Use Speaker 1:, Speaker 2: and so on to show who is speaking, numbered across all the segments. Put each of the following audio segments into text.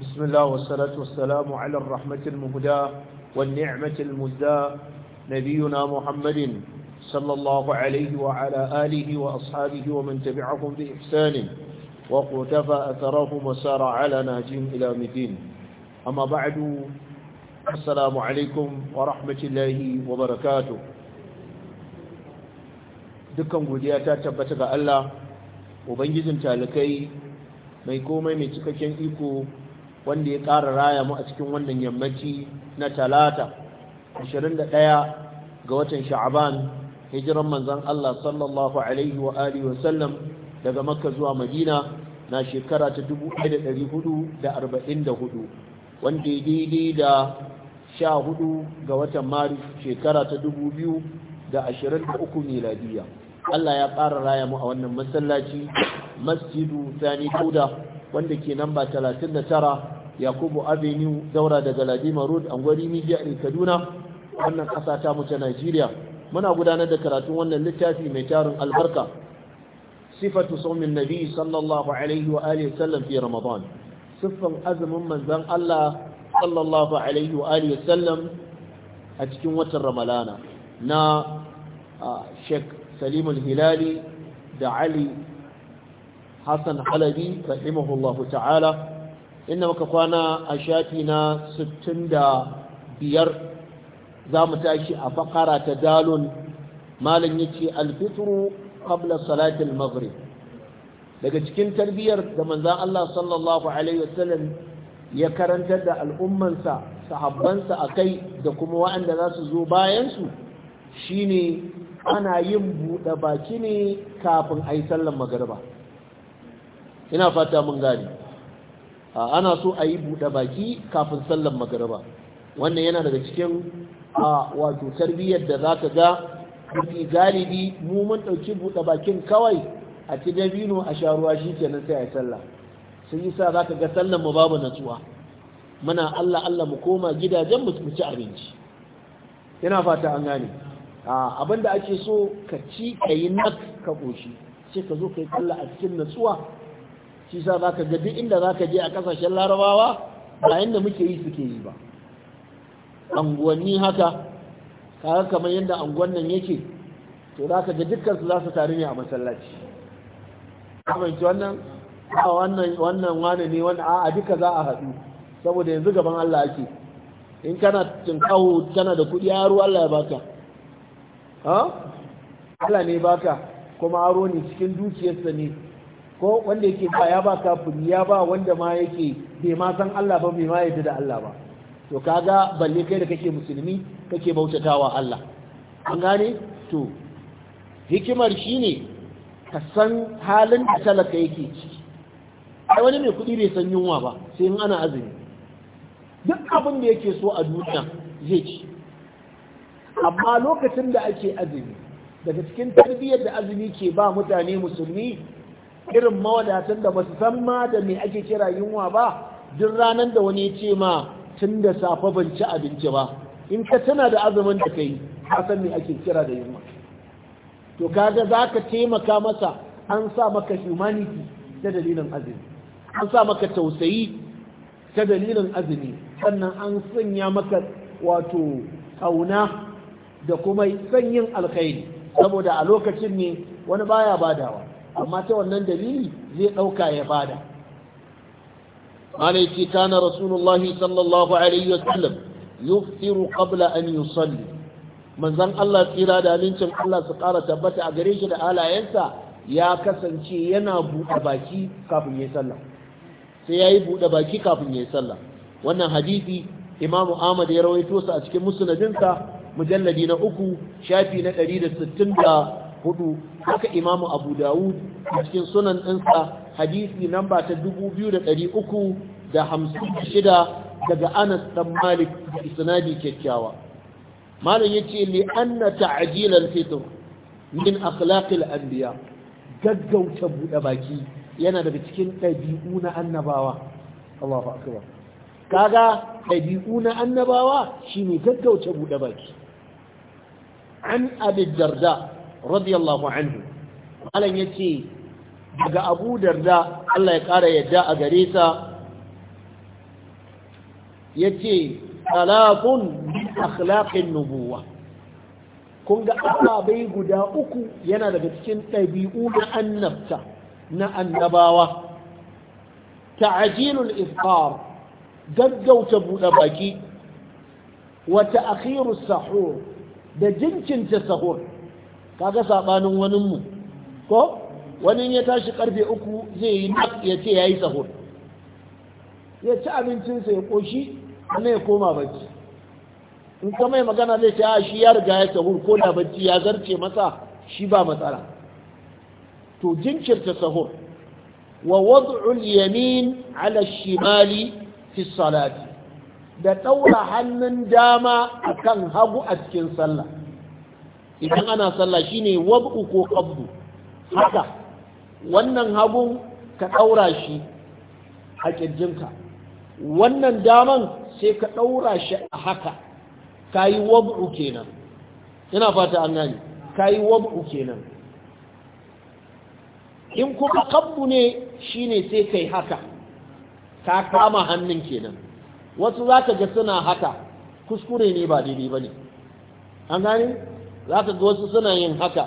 Speaker 1: بسم الله والصلاة والسلام على الرحمة المهداة والنعمة المزداة نبينا محمد صلى الله عليه وعلى آله وأصحابه ومن تبعهم بإحسان وقتفى أثرهم وسار على ناجهم إلى مدين أما بعد السلام عليكم ورحمة الله وبركاته دكم قدياتا تبتغى الله وبنجزم تالكي ميكومي من تككين إيكو wanda ya ƙara raya mu a cikin wannan yammaci na talata 21 ga watan sha'aban hijiran manzan Allah sallallahu alaihi wa alihi wa sallam daga makka zuwa madina na shekara ta 1444 wanda ya daidai da 14 ga watan maris shekara ta 2023 miladiya Allah ya ƙara raya mu a wannan masallaci masjidu sani kuda wanda ke namba 39 yakubu avenue daura daga ladima road angwari media in kaduna wannan ƙasa ta mu ta najeriya muna gudanar da karatun wannan littafi mai tarin albarka sifatu saumin nabi sallallahu alaihi wa alihi sallam fi ramadan siffan azumin manzon Allah sallallahu alaihi wa alihi sallam a cikin watan ramalana na Sheikh Salim hilali da Ali Hassan Halabi rahimahullahu ta'ala inda muka kwana a shafi na 65 za mu tashi a fakara ta dalon malin yace alfitru qabla salatil maghrib daga cikin tarbiyyar da manzan Allah sallallahu alaihi wasallam ya karantar da al'ummansa sahabbansa a kai da kuma waɗanda za su zo bayansu ne ana yin buɗe baki ne kafin a yi sallan magarba ina fata mun gani ana so a yi buɗe baki kafin sallan magaraba. wannan yana daga cikin a wato tarbiyyar da za ka ga mafi galibi mu mun ɗauki buɗe bakin kawai a ci dabino a sha ruwa shi kenan sai a yi sallah sun yi sa za ka ga sallan mu babu natsuwa muna allah allah mu koma gidajen mu ci abinci yana fata an gane abin da ake so ka ci ka yi nak ka ƙoshi sai ka zo ka yi sallah a cikin natsuwa shi sa za ka ga duk inda za ka je a kasashen larabawa ba yadda muke yi suke yi ba anguwanni haka kaga kamar yadda anguwan nan yake to za ka ga dukkan za su taru ne a masallaci kamanci wannan a wannan wannan wani ne wani a duka za a haɗu saboda yanzu gaban Allah ake in kana tinkawo kana da kuɗi aro Allah ya baka ha Allah ne baka kuma aro ne cikin dukiyarsa ne ko wanda yake ba ya ba kafiri ya ba wanda ma yake bai ma san Allah ba bai ma yadda da Allah ba to kaga balle kai da kake musulmi kake bautatawa Allah an gane to hikimar shine ka san halin da talaka yake ciki ai wani mai kuɗi bai san yunwa ba sai in ana azumi duk abin da yake so a duniya zai ci amma lokacin da ake azumi daga cikin tarbiyyar da azumi ke ba mutane musulmi irin mawadatan da ba su san ma da me ake kira yunwa ba duk ranar da wani ya ce ma tun da safe ban ci abinci ba in ka tana da azumin da kai ka san me ake kira da yunwa to kaga za ka taimaka masa an sa maka humanity ta dalilin azumi an sa maka tausayi ta dalilin azumi sannan an sanya maka wato kauna da kuma sanyin alkhairi saboda a lokacin ne wani baya badawa amma ta wannan dalili zai ɗauka ya bada malai ce kana rasulullahi sallallahu alaihi wasallam yuftiru qabla an yusalli manzon Allah tsira da alincin Allah su ƙara tabbata a gare shi da alayensa ya kasance yana buɗe baki kafin ya sallah sai yayi buɗe baki kafin ya sallah wannan hadisi imamu Ahmad ya rawaito sa a cikin musnadinsa mujalladi na uku shafi na ɗari da 160 hudu haka imamu abu dawud cikin sunan ɗinsa hadisi namba ta dubu biyu da da uku hamsin shida daga anas dan malik da isnadi kyakkyawa malam ya ce li an ta'jil al-fitr min akhlaq al-anbiya gaggauta buɗe baki yana daga cikin ɗabi'u na annabawa Allahu akbar kaga ɗabi'u na annabawa shine gaggauta buɗe baki an abi jarda. radiyallahu anhu malam yace daga Abu Darda Allah ya kara yadda a gare sa yace talafun min akhlaqin nubuwah kun ga ababai guda uku yana daga cikin ɗabi'u na annabta na annabawa ta'ajilul iftar gaggauta buɗe baki wa ta'khirus sahur da jinkinta sahur kaga sabanin wani mu ko wani ya tashi karfe uku zai yi nak ya ce yayi sahur ya ci abincinsa ya koshi kuma ya koma bacci in ka mai magana zai ce a shi ya riga ya sahur ko da bacci ya zarce masa shi ba matsala to jinkirta sahur wa wad'ul yamin ala shimali fi salati da ɗaura hannun dama akan hagu a cikin sallah idan ana sallah shine wab'u ko qabdu haka wannan hagun ka ɗaura shi a ƙirjinka wannan daman sai ka ɗaura shi a haka ka yi wab'u kenan ina fata an gani ka yi wab'u kenan in kuma kabbu ne shine sai kai haka ka kama hannun kenan wasu za ka ga suna haka kuskure ne ba daidai ba ne an gani za ka wasu suna yin haka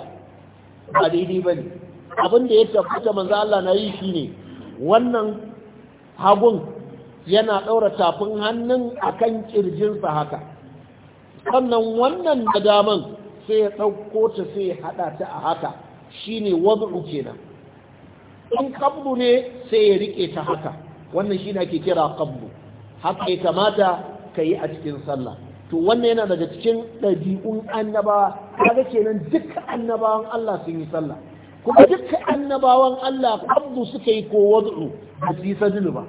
Speaker 1: ba daidai ba ne abin ya tabbata manzo Allah na yi shi ne wannan hagun yana ɗaura tafin hannun a kan ƙirjinsa haka sannan wannan da daman sai ya ɗauko ta sai ya haɗa ta a haka shi ne wadu'u kenan in kabbu ne sai ya riƙe ta haka wannan shi ake kira kabbu haka ya kamata ka yi a cikin sallah to wannan yana daga cikin ɗabi'un annaba kaga kenan duka annabawan Allah sun yi sallah kuma duka annabawan Allah kabdu suka yi ko wad'u da su yi sadulu ba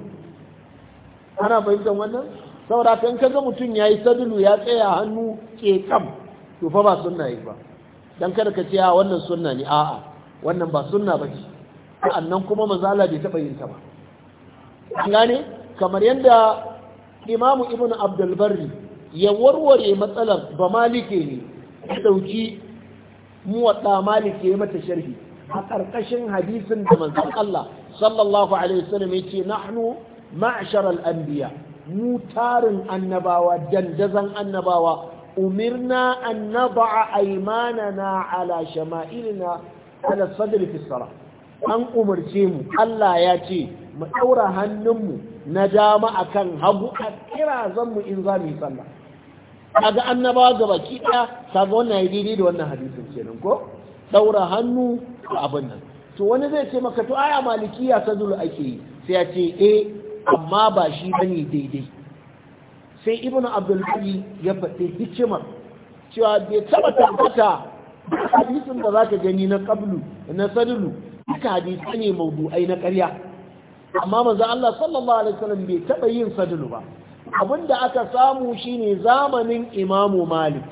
Speaker 1: ana fahimtar wannan saboda kan kaga mutum ya yi sadulu ya tsaya hannu ke kam to fa ba sunna yi ba dan kada ka ce wannan sunna ne a'a wannan ba sunna ba ce annan kuma mazala bai taɓa yin ta ba an gane kamar yadda imamu ibn abdulbarri ya warware matsalar ba malike ne ya ɗauki muwaɗa malik ya yi mata sharhi a ƙarƙashin hadisin da manzon Allah sallallahu alaihi wasallam ya ce nahnu ma'shar al-anbiya mu tarin annabawa dandazan annabawa umirna an na aymanana ala shama'ilina ala sadri fi sara. an umarce mu Allah ya ce mu daura hannunmu na dama akan hagu a kirazan mu in za mu yi sallah kaga annabawa ga baki ɗaya kaga wannan ya daidai da wannan hadisin kenan ko Daura hannu a abin nan to wani zai ce maka to aya malikiya ta zulu ake yi sai ya ce eh amma ba shi bane daidai sai ibnu abdul ya faɗi hikima cewa bai taba tabbata hadisin da zaka gani na qablu na sadulu duka hadisi ne mawdu'ai na ƙarya amma manzo Allah sallallahu alaihi wasallam bai taba yin sadulu ba Abin da aka samu shine zamanin imamu malik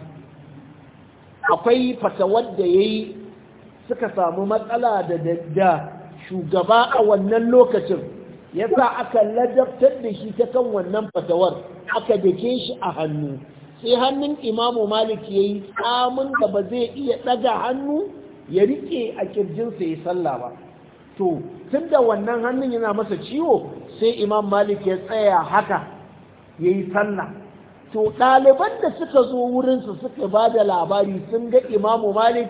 Speaker 1: akwai fatawar da ya yi suka samu matsala da dadda shugaba a wannan lokacin Ya sa aka ladabtar da shi ta kan wannan fatawar aka dake shi a hannu sai hannun imamu malik ya yi tsamin da ba zai iya daga hannu ya rike a kirjinsa ya salla ba to tun da wannan hannun yana masa ciwo sai imam malik ya tsaya haka ya yi sallah to ɗaliban da suka zo wurinsu suka ba da labari sun ga imamu malik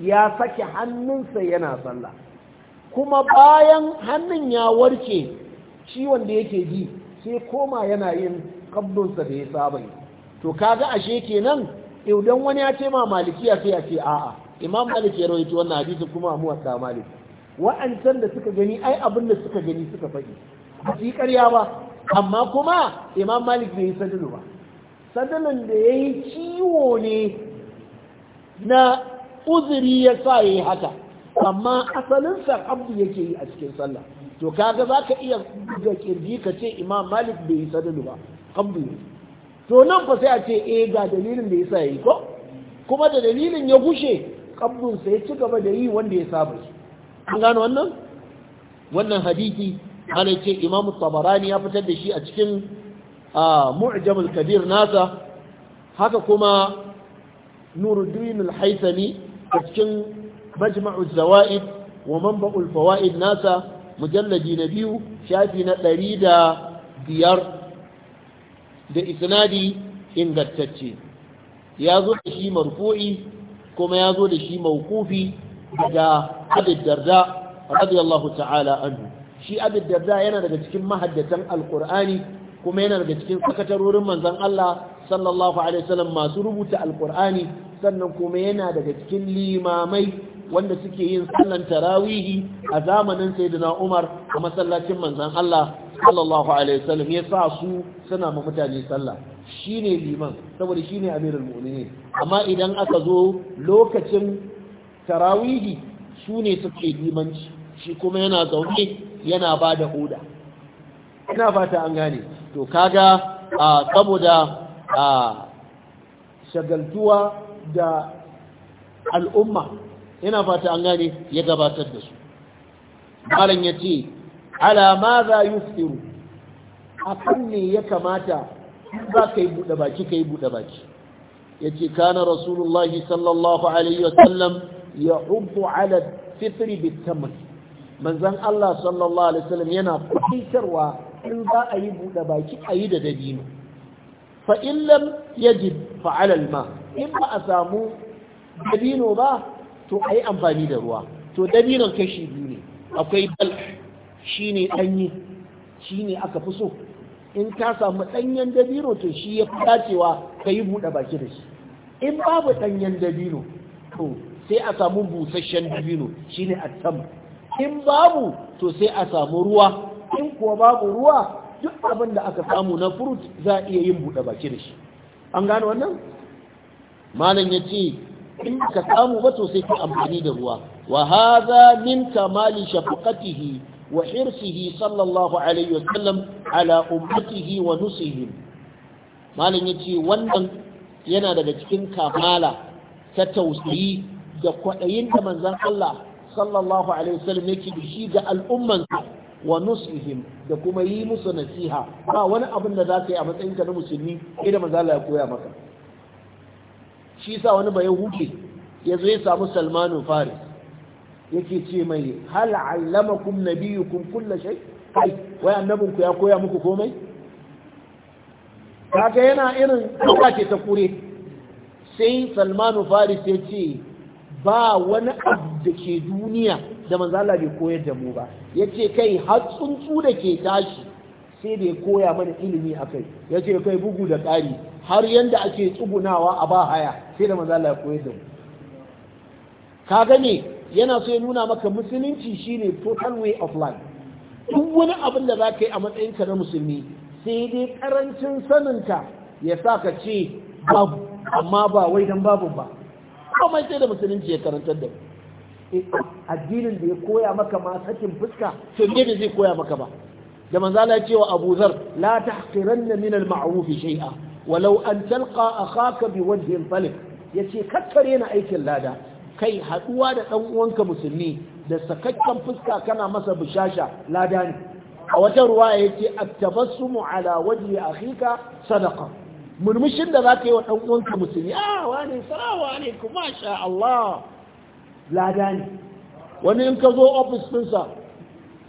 Speaker 1: ya sake hannunsa yana sallah kuma bayan hannun ya warke ciwon da yake ji sai koma yana yin kabdunsa da ya saba yi to kaga ashe kenan idan wani ya ce ma malikiya sai ya ce a'a imam malik ya rawaito wannan hadisi kuma a muwatta malik wa'ancan da suka gani ai abin da suka gani suka faɗi ba su ƙarya ba amma kuma imam malik bai yi sadulu ba sadulun da ya yi ciwo ne na uzuri ya sa ya yi haka amma asalinsa abdu yake yi a cikin sallah to kaga za ka iya ga kirji ka ce imam malik bai yi sadulu ba abdu ne to nan fa sai a ce eh ga dalilin da ya sa ya yi ko kuma da dalilin ya gushe abdunsa ya ci gaba da yi wanda ya saba shi an gano wannan wannan hadisi ana ce imamu tabarani ya fitar da shi a cikin mu'jamul kabir nasa haka kuma nuruddin al-haythami a cikin majma'u zawaid wa manba'ul fawaid nasa mujalladi na biyu shafi na ɗari da biyar da isnadi ingantacce ya zo da shi marfu'i kuma ya zo da shi mawkufi daga abid darda radiyallahu ta'ala anhu shi abin za yana daga cikin mahaddatan alkur'ani kuma yana daga cikin sakatarorin manzan Allah sallallahu alaihi wasallam masu rubuta alkur'ani sannan kuma yana daga cikin limamai wanda suke yin sallan tarawihi a zamanin sayyidina Umar a masallacin manzan Allah sallallahu alaihi wasallam ya sa su suna ma mutane sallah ne liman saboda shine amirul mu'minin amma idan aka zo lokacin tarawihi su ne suke limanci shi kuma yana zaune yana ba da oda ina fata an gane to kaga a saboda a shagaltuwa da al'umma ina fata an gane ya gabatar da su malam ya ce ala ma za akan ne ya kamata za ka yi buɗe baki ka yi buɗe baki ya ce kana rasulullahi sallallahu alaihi wasallam ya hubu ala fitri bitamin. manzon Allah sallallahu alaihi wasallam yana fitarwa in za a yi buɗe baki a yi da dabino fa yaji fa'alal yajid in ba a samu dabino ba to a yi amfani da ruwa to dabinon kashi biyu ne akwai bal shine Shi ne aka fi so in ka samu danyen dabino to shi ya fi dacewa ka yi buɗe baki da shi in babu danyen dabino to sai a samu busasshen dabino shine attam in babu to sai a samu ruwa in kuwa babu ruwa duk abin da aka samu na furut za a iya yin buɗe baki da shi an gano wannan malam ya ce in ka samu ba to sai ka amfani da ruwa wa hadha min kamali shafaqatihi wa hirsihi sallallahu alaihi wasallam ala ummatihi wa nusihim malam ya ce wannan yana daga cikin kamala ta tausayi da kwaɗayin da manzon Allah sallallahu alaihi wasallam yake da shi ga al'ummansa wa nusihim da kuma yi musu nasiha ba wani abin da za ka yi a matsayinka na musulmi idan maza Allah ya koya maka shi sa wani bayan huke ya zo ya samu Salmanu Faris yake ce mai hal allamakum nabiyukum kullu shay kai wai annabinku ya koya muku komai kaga yana irin duka ce ta kure sai Salmanu Faris ya ce ba wani abu da ke duniya da mazala bai koyar da mu ba Ya ce kai har tsuntsu da ke tashi sai da ya koya mana ilimi akai ce kai bugu da ƙari har yanda ake tsugunawa a ba haya sai da Manzala ya koyar da mu ka gane yana so ya nuna maka musulunci shine total way of life duk wani abin da za ka yi a matsayinka na musulmi sai dai karancin saninka ya sa ka ce babu amma ba wai dan babu ba komai sai da musulunci ya karantar da eh, addinin da ya koya maka ma sakin fuska to ne da zai koya maka ba da manzo Allah ya ce wa Abu Zar la tahqiranna min al-ma'ruf shay'a walau an talqa akhaka bi wajhin talib yace kakkare na aikin lada kai haduwa da dan uwanka musulmi da sakakken fuska kana masa bushasha. lada ne a wata ruwaya yace at-tabassumu ala wajhi akhika sadaqa murmushin da za ka yi wa ɗan'uwanka musulmi a ah, wani salamu alaikum masha Allah lada ne wani in ka zo ofis ɗinsa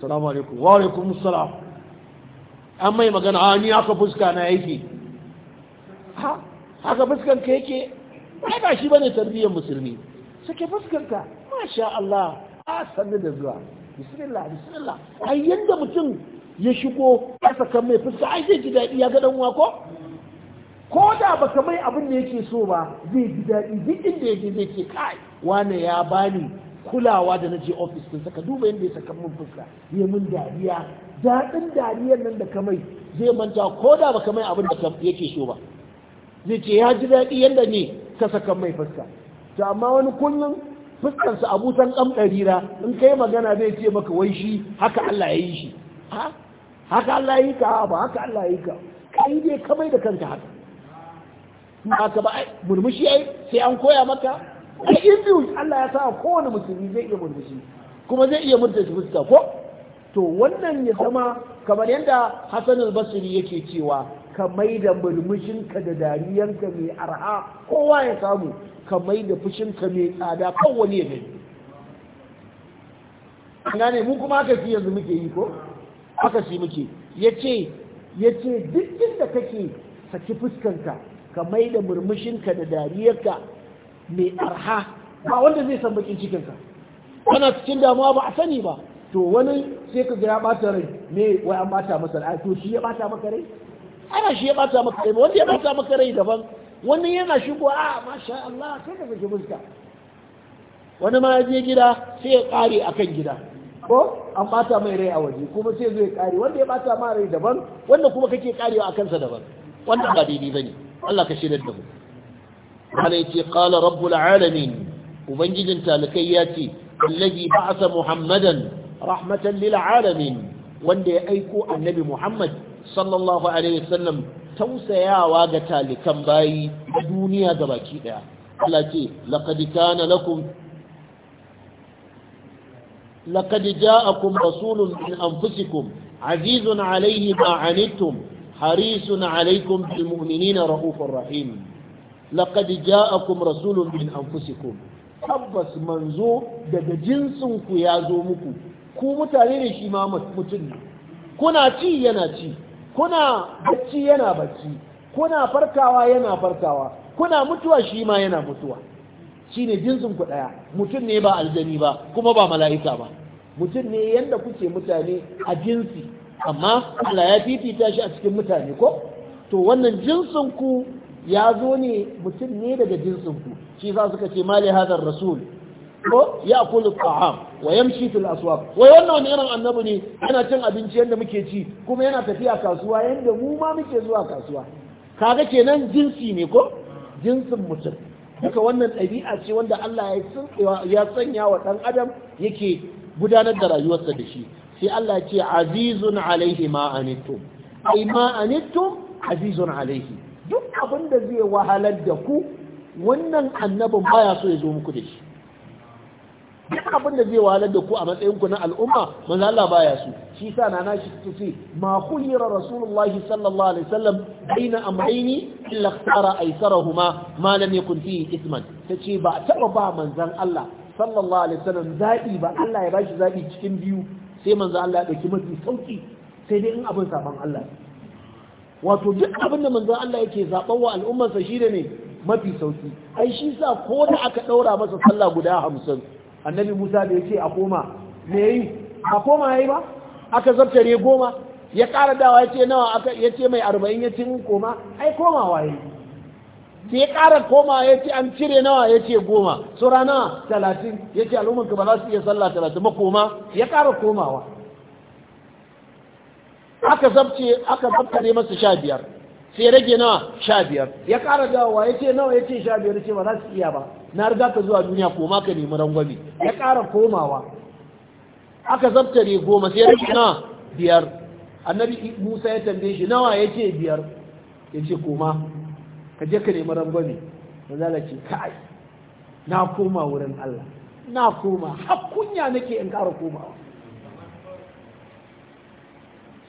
Speaker 1: salamu alaikum wa alaikum salam an mai magana a ah, ni haka fuska na yake ha haka fuskan ka yake ai ba shi bane tarbiyyar musulmi sake fuskanka masha Allah a ah, sannu da zuwa bismillah bismillah ai yanda mutum ya shigo ya saka mai fuska ai zai ji daɗi ya ga dan ko ko da baka mai abin da yake so ba zai ji daɗi duk inda ya zai ke kai wane ya bani kulawa da na je ofis din saka duba yadda ya saka mun fuska ya mun dariya daɗin dariyar nan da ka mai zai manta ko da baka mai abin da yake so ba zai ce ya ji daɗi yadda ne ka saka mai fuska to amma wani kullum fuskarsa abutan ƙamɗarira in ka yi magana zai ce maka wai shi haka Allah ya yi shi haka Allah ya yi ka ba haka Allah ya yi ka kai dai kamai da kanka haka haka ba murmushi ai sai an koya maka ai in Allah ya sa kowane musulmi zai iya murmushi kuma zai iya murta shi fuska ko to wannan ya zama kamar yadda Hassan al-Basri yake cewa ka mai da murmushinka da dariyanka mai arha kowa ya samu ka mai da fushinka mai tsada kan wani ya gani ne mu kuma haka shi yanzu muke yi ko haka shi muke ya ce duk inda kake saki fuskanka ka mai da murmushinka da dariyarka mai arha ba wanda zai san bakin cikinka kana cikin damuwa ba a sani ba to wani sai ka ya bata rai me wai an bata masa rai to shi ya bata maka rai ana shi ya bata maka rai wanda ya bata maka rai daban wani yana shigo a ah, masha Allah kai ka saki fuska wani ma je gida sai ya kare akan gida ko an bata mai rai a waje kuma sai zai kare wanda ya bata ma rai daban wanda kuma kake karewa akan sa daban wannan ba daidai bane Allah ka shirya da mu Allah yace qala rabbul alamin ubangijin talakai ya ce allazi ba'asa muhammadan rahmatan lil alamin wanda ya aiko annabi muhammad sallallahu alaihi wasallam tausayawa ga talikan bayi da duniya gabaki daya Allah ce laqad kana lakum لقد جاءكم رسول من أنفسكم عزيز عليه ما عنتم حريص عليكم بالمؤمنين رؤوف رحيم لقد جاءكم رسول من أنفسكم tabbas manzo daga jinsinku ya zo muku ku mutane ne shi ma mutum ne kuna ci yana ci kuna bacci yana bacci kuna farkawa yana farkawa kuna mutuwa shi ma yana mutuwa shi ne jinsinku ɗaya mutum ne ba aljani ba kuma ba mala'ika ba mutum ne yadda kuke mutane a jinsi amma Allah ya fifita shi a cikin mutane ko to wannan jinsin ku ya zo ne mutum ne daga jinsin ku shi za suka ce mali hadar rasul ko ya kula ta'am wa yamshi fil aswaq wai wannan wani irin annabi ne yana cin abinci yanda muke ci kuma yana tafiya kasuwa yanda mu ma muke zuwa kasuwa kaga kenan jinsi ne ko jinsin mutum duka wannan ɗabi'a ce wanda Allah ya sanya wa ɗan adam yake gudanar da rayuwarsa da shi sai Allah ce azizun alaihi ma anittum ai ma azizun alaihi duk abin da zai wahalar da ku wannan annabin baya so ya zo muku da shi duk abin da zai wahalar da ku a matsayin ku na al'umma manzo Allah baya so shi sa na nashi tace ma khuyira rasulullahi sallallahu alaihi wasallam baina amrayni illa ikhtara aysarahuma ma lam yakun fihi isman tace ba taba ba manzon Allah sallallahu alaihi wasallam zabi ba Allah ya bashi zabi cikin biyu sai manzo Allah ya dauki mafi sauki sai dai in abin saban Allah wato duk abin da manzo Allah yake zaban wa alummar shi da ne mafi sauki ai shi sa ko da aka daura masa sallah guda 50 annabi Musa da yake a koma me yi a koma yayi ba aka zartare goma ya kara dawa yace nawa aka yace mai 40 yace in koma ai komawa yayi sai ya ƙara koma ya ce an cire nawa ya ce goma saura nawa talatin ya ce al'ummarka ba za su iya sallah talatin ba koma ya ƙara komawa aka zabce aka zabtare masa sha biyar sai rage nawa sha biyar ya ƙara dawowa ya ce nawa ya ce sha biyar ce ba za su iya ba na riga ka zuwa duniya koma ka nemi rangwame ya ƙara komawa aka zabtare goma sai rage nawa biyar annabi musa ya tambaye shi nawa ya ce biyar ya ce koma ka je ka nemi rangwame Na Allah kai na koma wurin Allah na koma hakunya kunya nake in ƙara komawa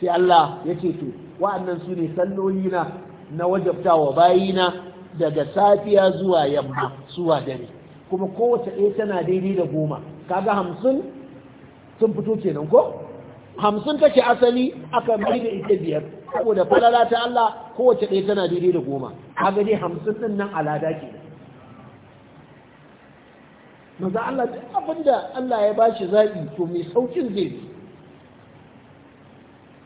Speaker 1: sai Allah ya ce to wa'annan su ne salloli na na wajabtawa bayina daga safiya zuwa yamma zuwa dare kuma kowace ɗaya tana daidai da goma kaga hamsin sun fito kenan ko hamsin take asali aka mai da ita biyar saboda falala ta Allah kowace ɗaya tana daidai da goma a gani hamsin ɗin nan alada ke maza Allah duk abinda Allah ya ba shi zaɓi to mai saukin zai bi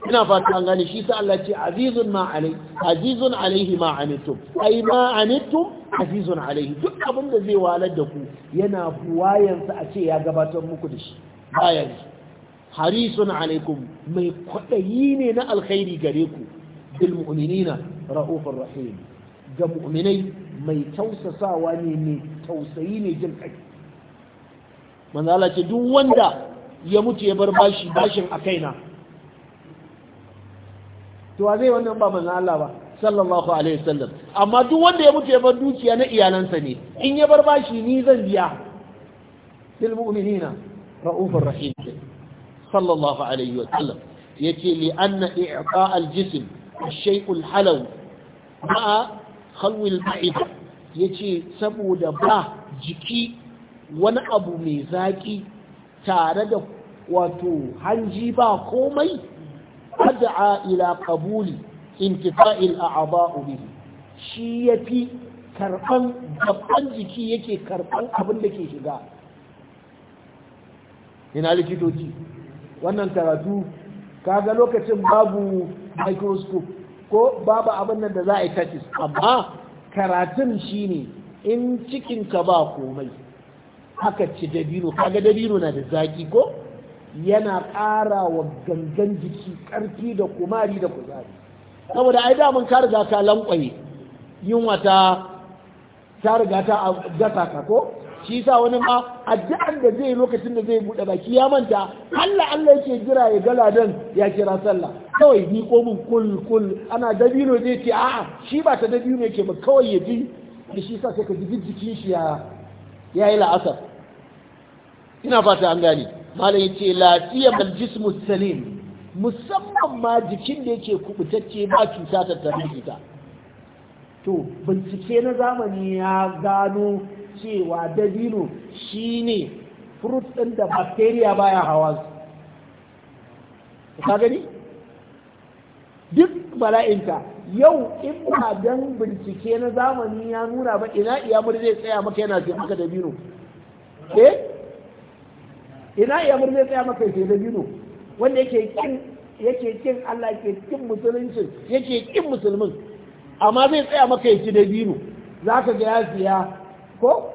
Speaker 1: ina fata an gani shi ta Allah ce azizun ma alai azizun alaihi ma anittum ai ma anittum azizun alaihi duk abinda zai walar da ku yana buwayansa a ce ya gabatar muku da shi bayan harisun alaikum mai kwaɗayi ne na alkhairi gare ku bil mu'minina ra'ufur rahim ga mu'minai mai tausasawa ne mai tausayi ne jin kai manzo Allah ce duk wanda ya mutu ya bar bashi bashin a kaina to wa zai wannan ba manzo Allah ba sallallahu alaihi wasallam amma duk wanda ya mutu ya bar dukiya na iyalansa ne in ya bar bashi ni zan biya lil mu'minina ra'ufur rahim sallallahu alaihi wa Ya yace li anna i'ta' al-jism ash-shay' al-halaw ma khalwi al-ma'ida saboda ba jiki wani abu mai zaƙi tare da wato hanji ba komai ad'a ila qabuli intifa'il a'dha'u bihi shi yafi karɓan gaban jiki yake karɓan abin da ke shiga ina likitoci wannan karatu kaga lokacin babu microscope ko babu abin nan da za a yi tatis amma karatun shi ne in cikinka ba komai haka ci dabino kaga dabino na da zaki ko yana ƙara wa gangan jiki ƙarfi da kumari da kuzari saboda ai damun ka riga ka lankwaye yunwa ta ta riga ta gasa ka ko shi sa wani ma addu'an da zai lokacin da zai buɗe baki ya manta Allah Allah yake jira ya gala dan ya kira sallah kawai ni ko mun kul ana dabino zai ce a'a shi ba ta dabino yake ba kawai ya bi da shi sa sai ka jigin jikin shi ya yi la'asar ina fata an gani malam yace lafiya bal jismu salim musamman ma jikin da yake kubutacce ba cuta sata tarihi ita to bincike na zamani ya gano cewa dabino ne fruit ɗin da bacteria baya hawa su ka gani duk Bala'inta yau in ba dan bincike na zamani ya nuna ba ina iyamur zai tsaya maka yana ce maka dabino eh ina iyamur zai tsaya maka sai dabino wanda yake kin yake kin Allah yake kin musulunci yake kin musulmin amma zai tsaya maka ya dabino za ka ga ya siya ko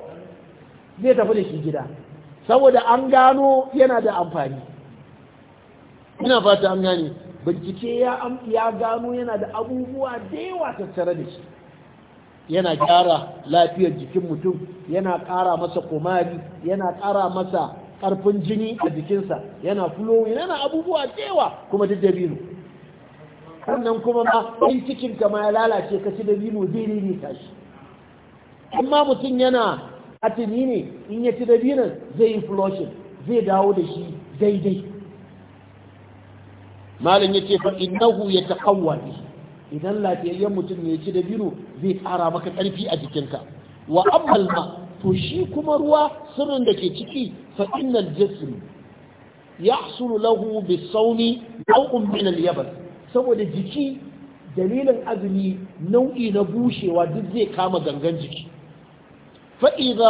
Speaker 1: zai tafi da shi gida saboda an gano yana da amfani ina fata an gane bincike ya gano yana da abubuwa da yawa tattare da shi yana gyara lafiyar jikin mutum yana ƙara masa kumari yana kara masa ƙarfin jini a jikinsa yana fulowi yana abubuwa da yawa kuma duk dabino sannan kuma ma in cikinka ma ya lalace ka ci dabino zai ririta shi Amma mutum yana tuni ne in ya ci dabinan zai yi flushing zai dawo da shi daidai malam ya ce nahu ya taƙawwa ne idan lafiyayyen mutum ya ci dabino zai tsara maka ƙarfi a jikinka wa ammal ma to shi kuma ruwa sirrin da ke ciki fa'innal jisri ya suru lahu bi sauni nau'un min al-yabas saboda jiki dalilin azumi nau'i na bushewa duk zai kama gangan jiki fa'iza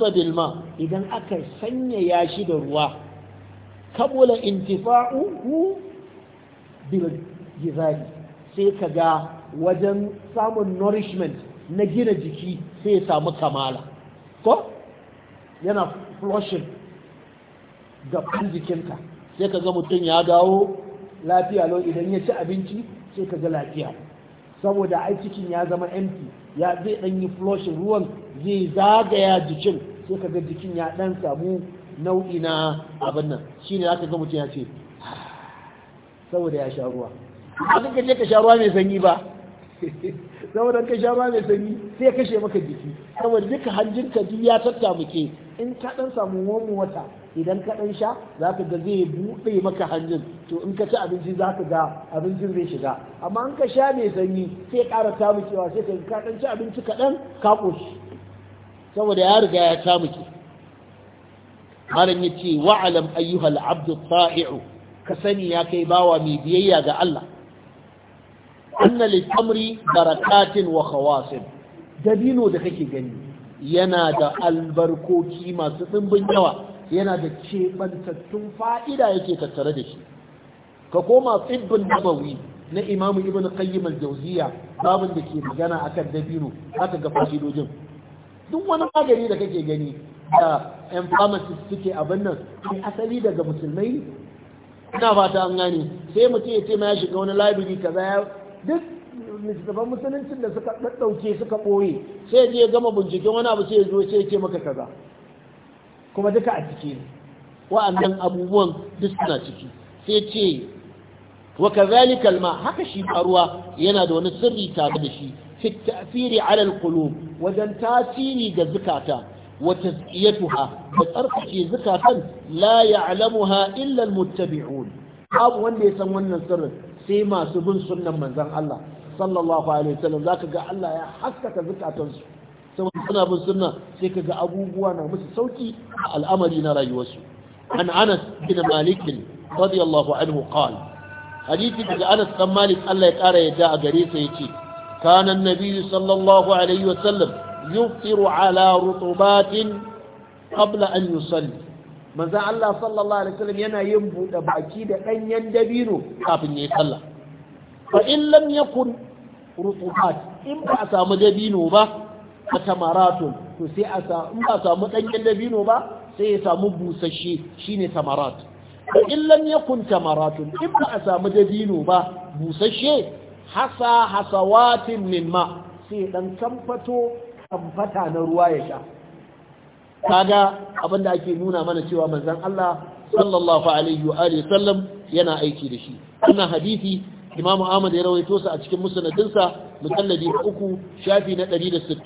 Speaker 1: ba bilma idan aka sanya shi da ruwa kabula intifa'uhu bil gizali sai ka ga wajen samun nourishment na gina jiki sai ya samu kamala ko yana flushing gaban jikinka sai ka ga mutum ya gawo lafiya lau idan ya ci abinci sai ka lafiya saboda ai ya zama empty ya zai ɗan yi flushing ruwan zai zagaya jikin sai ka ga jikin ya dan samu nau'i na abin nan shine zaka ga mutum ya ce ah, saboda ya sha ruwa ba ka je ka sha ruwa mai sanyi ba saboda ka sha ruwa mai sanyi sai kashe maka jiki saboda duka hanjinka duk ya tatta muke in ka dan samu wani wata idan ka dan sha za ka ga zai buɗe maka hanjin to in ka ci abinci za ka ga abincin zai shiga amma in ka sha mai sanyi sai ƙara cewa sai ka ka dan ci abinci kaɗan ka ƙoshi saboda ya riga ya tamuke malam ya ce wa'alam ayyuhal abdu ka sani ya kai bawa mai biyayya ga Allah anna litamri barakatin wa khawasin dabino da kake gani yana da albarkoki masu dimbin yawa yana da kebantattun fa'ida yake tattare da shi ka koma tsibbin nabawi na imamu ibn qayyim al-jawziya babin da ke magana akan dabino aka ga fa'idojin duk wani magani da kake gani da yan pharmacist suke abin nan sai asali daga musulmai ina fata an gane sai mutum ya ce ma ya shiga wani library kaza ya duk littattafan musuluncin da suka ɗauke suka ɓoye sai je gama binciken wani abu sai ya zo sai ya ce maka kaza kuma duka a ciki ne wa'annan abubuwan duk suna ciki sai ce wa kazalikal ma haka shi faruwa yana da wani sirri tare da shi fi ta'thiri ala alqulub wajen tasiri ga zukata wa tazkiyatuha da tsarkake zukatan la ha, illa almuttabi'un abu wanda ya san wannan sirrin sai masu bin sunnan manzon Allah sallallahu alaihi wasallam zaka ga Allah ya haskaka zukatansu saboda suna bin sunna sai kaga abubuwan a musu sauki a al'amari na rayuwarsu an Anas bin Malik radiyallahu anhu qala hadisi daga Anas dan Malik Allah ya ƙara yadda a gare sa yace كان النبي صلى الله عليه وسلم يفطر على رطبات قبل أن يصلي Allah sallallahu Alaihi yana yin buɗe baki da ɗanyen dabino kafin ya yi sallah. Fa in lam yakun rutubat in ba a samu dabino ba a tamaratun in ba a samu ɗanyen dabino ba sai ya samu busasshe shine tamarat. Fa in in ba a samu dabino ba busashe. hasa hasawatin min ma sai dan kamfato kamfata na ruwa ya sha kaga abinda ake nuna mana cewa manzon Allah sallallahu alaihi wa alihi sallam yana aiki da shi wannan hadisi Imam Ahmad ya rawaito sa a cikin sa musalladi uku shafi na 163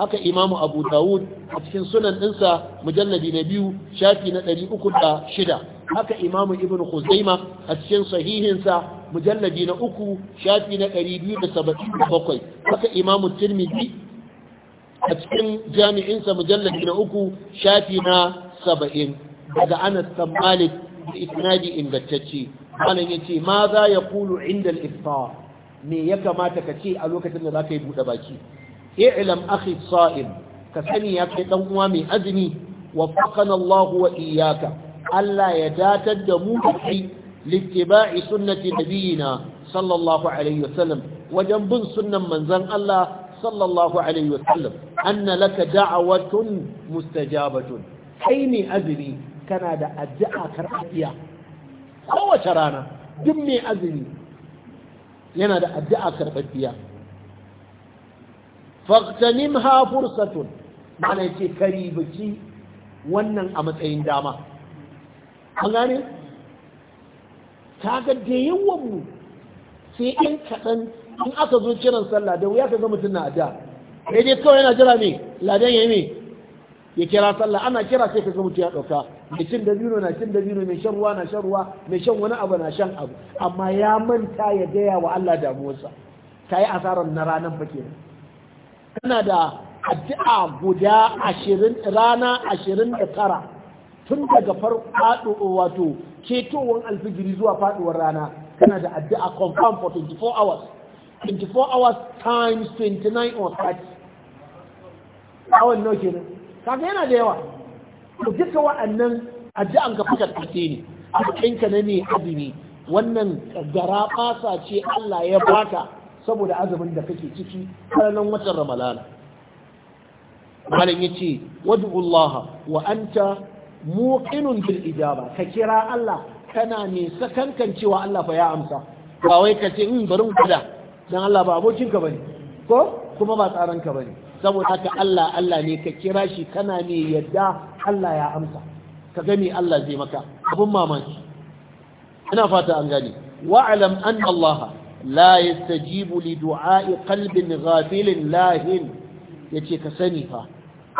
Speaker 1: haka Imam Abu daud a cikin sunan dinsa mujalladi na biyu shafi na 306 haka imamu ibn khuzaima a cikin sahihinsa mujalladi na uku shafi na 277 haka imamu tirmidhi a cikin jami'insa mujalladi na uku shafi na 70 daga anas bin malik da isnadi ingantacce malam yace ma za ya kulu inda al-iftar me ya kamata ka ce a lokacin da zaka yi bude baki i'lam akhi sa'im ka sani ya kai dan uwa mai azumi wa faqana Allah wa iyyaka Allah ya datar da mu kai littiba'i sunnati nabiyina sallallahu alaihi wasallam wajen bin sunnan manzon Allah sallallahu alaihi wasallam anna laka da'watun mustajabatun kai ne azumi kana da addu'a karɓiya kowace rana duk mai azumi yana da addu'a karɓaɓɓiya faqtanim ha fursatun mana ce karibici wannan a matsayin dama an gane kaga da yawan mu sai an kaɗan in aka zo kiran sallah da wuya ka ga mutum na da sai dai kawai yana jira ne ladan ya yi ne ya kira sallah ana kira sai ka ga mutum ya ɗauka mai cin dabino na cin dabino mai shan ruwa na shan ruwa mai shan wani abu na shan abu amma ya manta ya gaya wa Allah damuwarsa ta yi asarar na ranar fa kana da addu'a guda ashirin rana ashirin da tara tun daga farko wato ketowar alfijiri zuwa faduwar rana kana da addu'a confirm for 24 hours 24 hours times 29 or 30 awon nawa kenan kaga yana da yawa to duka wa'annan addu'an ka fuka kace ne a cikin ka ne azumi wannan gara fasa ce Allah ya baka saboda azumin da kake ciki ranar watan Ramalana. malam yace wad'u Allah wa anta muqinun bil ijaba ka kira Allah kana ne sakankan cewa Allah fa ya amsa ba wai ka ce in hmm, bari mu dan Allah ba abokin ka bane ko kuma ba tsaran ka bane saboda haka Allah Allah ne ka kira shi kana ne yadda Allah ya amsa ka gani Allah zai maka abun mamaki ina fata an gani wa'lam anna Allah la yastajibu li du'a'i qalbin ghafilin lahin yace ka sani fa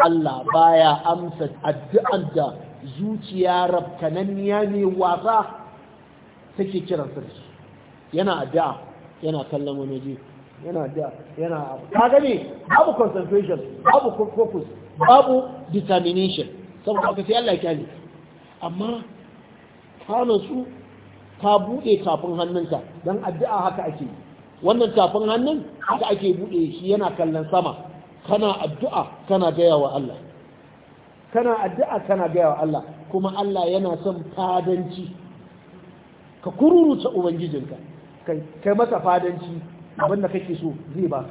Speaker 1: Allah baya amsa addu'ar da zuciya rabkananniya ne wasa take kiran sarki yana da yana kallon wani waje yana da yana abu. ka gani, babu concentration babu focus babu determination saboda haka sai Allah ya amma ka su ka buɗe tafin hannunka don addu'a haka ake yi wannan tafin hannun haka ake buɗe shi yana kallon sama kana addu'a kana gaya wa Allah kana addu'a kana gaya wa Allah kuma Allah yana son fadanci ka kururuta ubangijinka kai masa fadanci abinda kake so zai ba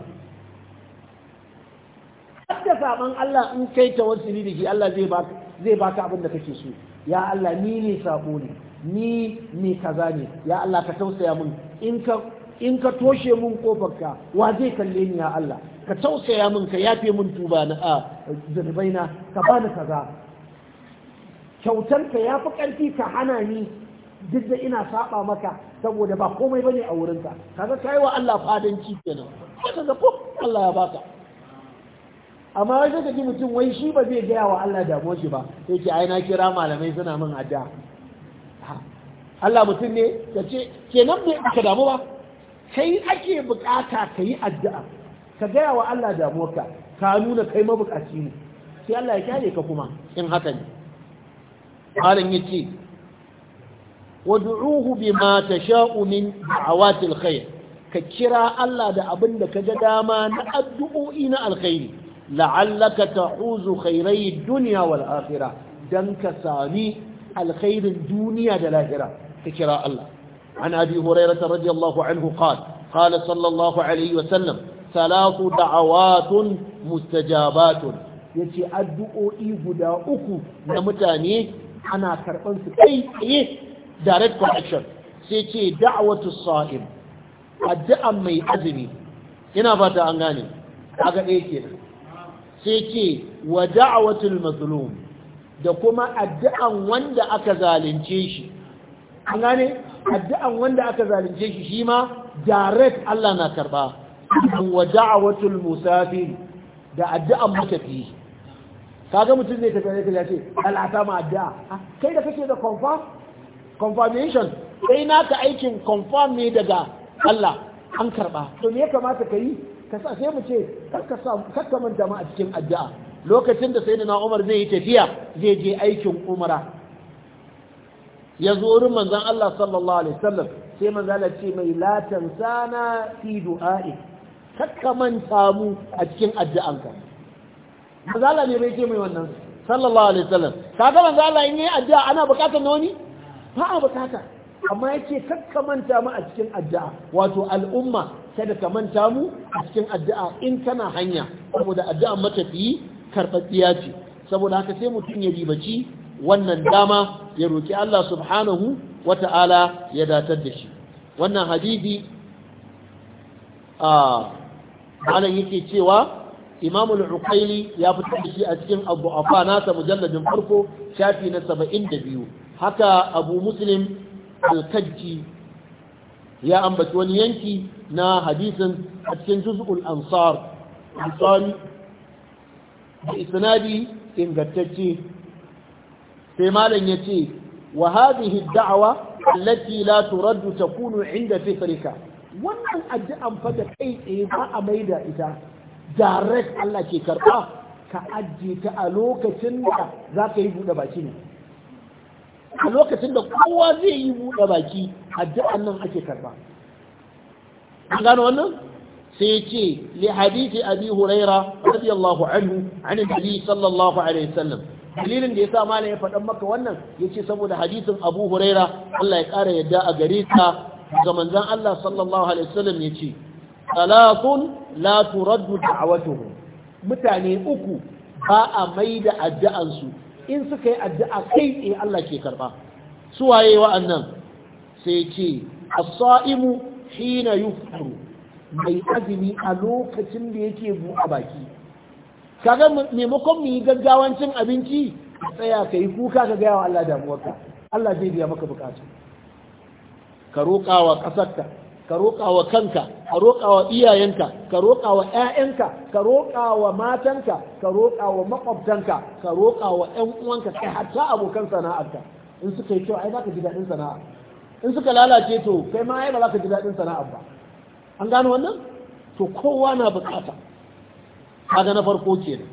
Speaker 1: ka da saban Allah in kai ta wasu da dake Allah zai baka zai baka abinda kake so ya Allah ni ne sako ne ni ne kaza ne ya Allah ka tausaya mun in ka in ka toshe mun kofarka wa zai kalle ni ya Allah ka tausaya min ka yafe min tuba na a zunubaina ka bani kaza kyautar ka fi karfi ka hana ni duk da ina saba maka saboda ba komai bane a wurinka kaga kai wa Allah fadanci kenan kaga ko Allah ya baka amma wai sai ji mutum wai shi ba zai gaya wa Allah damuwa shi ba sai ce ai na kira malamai suna min adda Allah mutum ne ya ce kenan bai ka damu ba kai ake bukata ka yi addu'a ka gaya wa Allah damuwarka ka nuna kai mabukaci ne sai Allah ya kyale ka kuma in haka ne halin yace wad'uhu bima tasha'u min da'awati alkhair ka kira Allah da abin da kaga dama na addu'o'i na alkhairi la'allaka ta'uzu khairai dunya wal akhirah dan ka sami alkhairin duniya da lahira ka kira Allah an abi hurairah radiyallahu anhu qala qala sallallahu alaihi wa sallam salatu da'awatun mustajabatun yace addu'o'i guda uku na mutane ana karban su kai tsaye direct connection sai ce da'watu sa'im addu'a mai azumi ina fata an gane kaga ɗaya kenan sai ce wa da'watul mazlum da kuma addu'an wanda aka zalunce shi an gane addu'an wanda aka zalunce shi shi ma direct Allah na karba wa da'awatul musafir da addu'an matafi kaga mutum ne ta kare ta ce Allah ma addu'a ah, kai da kake da confirm confirmation kai naka aikin confirm ne daga Allah an karba to me ya kamata ka yi ka sa sai mu ce kakka manta ma a cikin addu'a lokacin da sayyidina Umar zai yi tafiya zai je aikin umra ya zo wurin manzon Allah sallallahu alaihi wasallam sai manzon Allah ce mai la tansana fi du'a'i kakka manta mu a cikin addu'anka mazala ne bai ce mai wannan sallallahu alaihi wasallam kaga manzo Allah in yi addu'a ana bukatar na wani ba a bukata amma yake kakka manta mu a cikin addu'a wato al'umma kada ka manta mu a cikin addu'a in kana hanya saboda addu'a matafiyi karfafiya ce saboda haka sai mutum ya ribaci wannan dama ya roki Allah subhanahu wata'ala ya datar da shi wannan hadisi a ah, malam yake cewa imamu al-uqayli ya fito da shi a cikin abu afa nasa mujalladin farko shafi na saba'in da biyu, haka abu muslim al-kajji ya ambaci wani yanki na hadisin a cikin juz'ul ansar ansari da isnadi ingantacce sai malam yace wa hadhihi ad-da'wa allati la turaddu takunu 'inda fikrika wannan addu'an fa da kai tsaye ba a maida ita direct Allah ke karɓa ka ajiye ta a lokacin da za ka yi buɗe baki ne a lokacin da kowa zai yi buɗe baki addu'an nan ake karɓa an gano wannan sai ce li hadisi abi huraira radiyallahu anhu an nabi sallallahu alaihi wasallam dalilin da yasa malam ya faɗan maka wannan yace saboda hadisin abu huraira Allah ya ƙara yadda a gare ka ga manzon Allah sallallahu alaihi wasallam yace salatun la turaddu da'watuhum mutane uku ba a mai maida addu'ansu in suka yi addu'a kai tsaye Allah ke karba su waye wa'annan sai ce as-sa'imu hina yufṭiru mai azumi a lokacin da yake a baki kaga maimakon mu yi gaggawancin abinci tsaya ka yi kuka ka gaya wa Allah damuwarka Allah zai biya maka bukatu ka roƙa wa ƙasarka ka roƙa wa kanka ka roƙa wa iyayenka ka roƙa wa ƴaƴanka ka roƙa wa matanka ka roƙa wa maƙwabtanka ka roƙa wa ƴan uwanka kai hatta abokan sana'arka in suka yi kyau ai za ka ji daɗin sana'a in suka lalace to kai ma ai ba za ka ji daɗin sana'a ba an gano wannan to kowa na buƙata kaga na farko kenan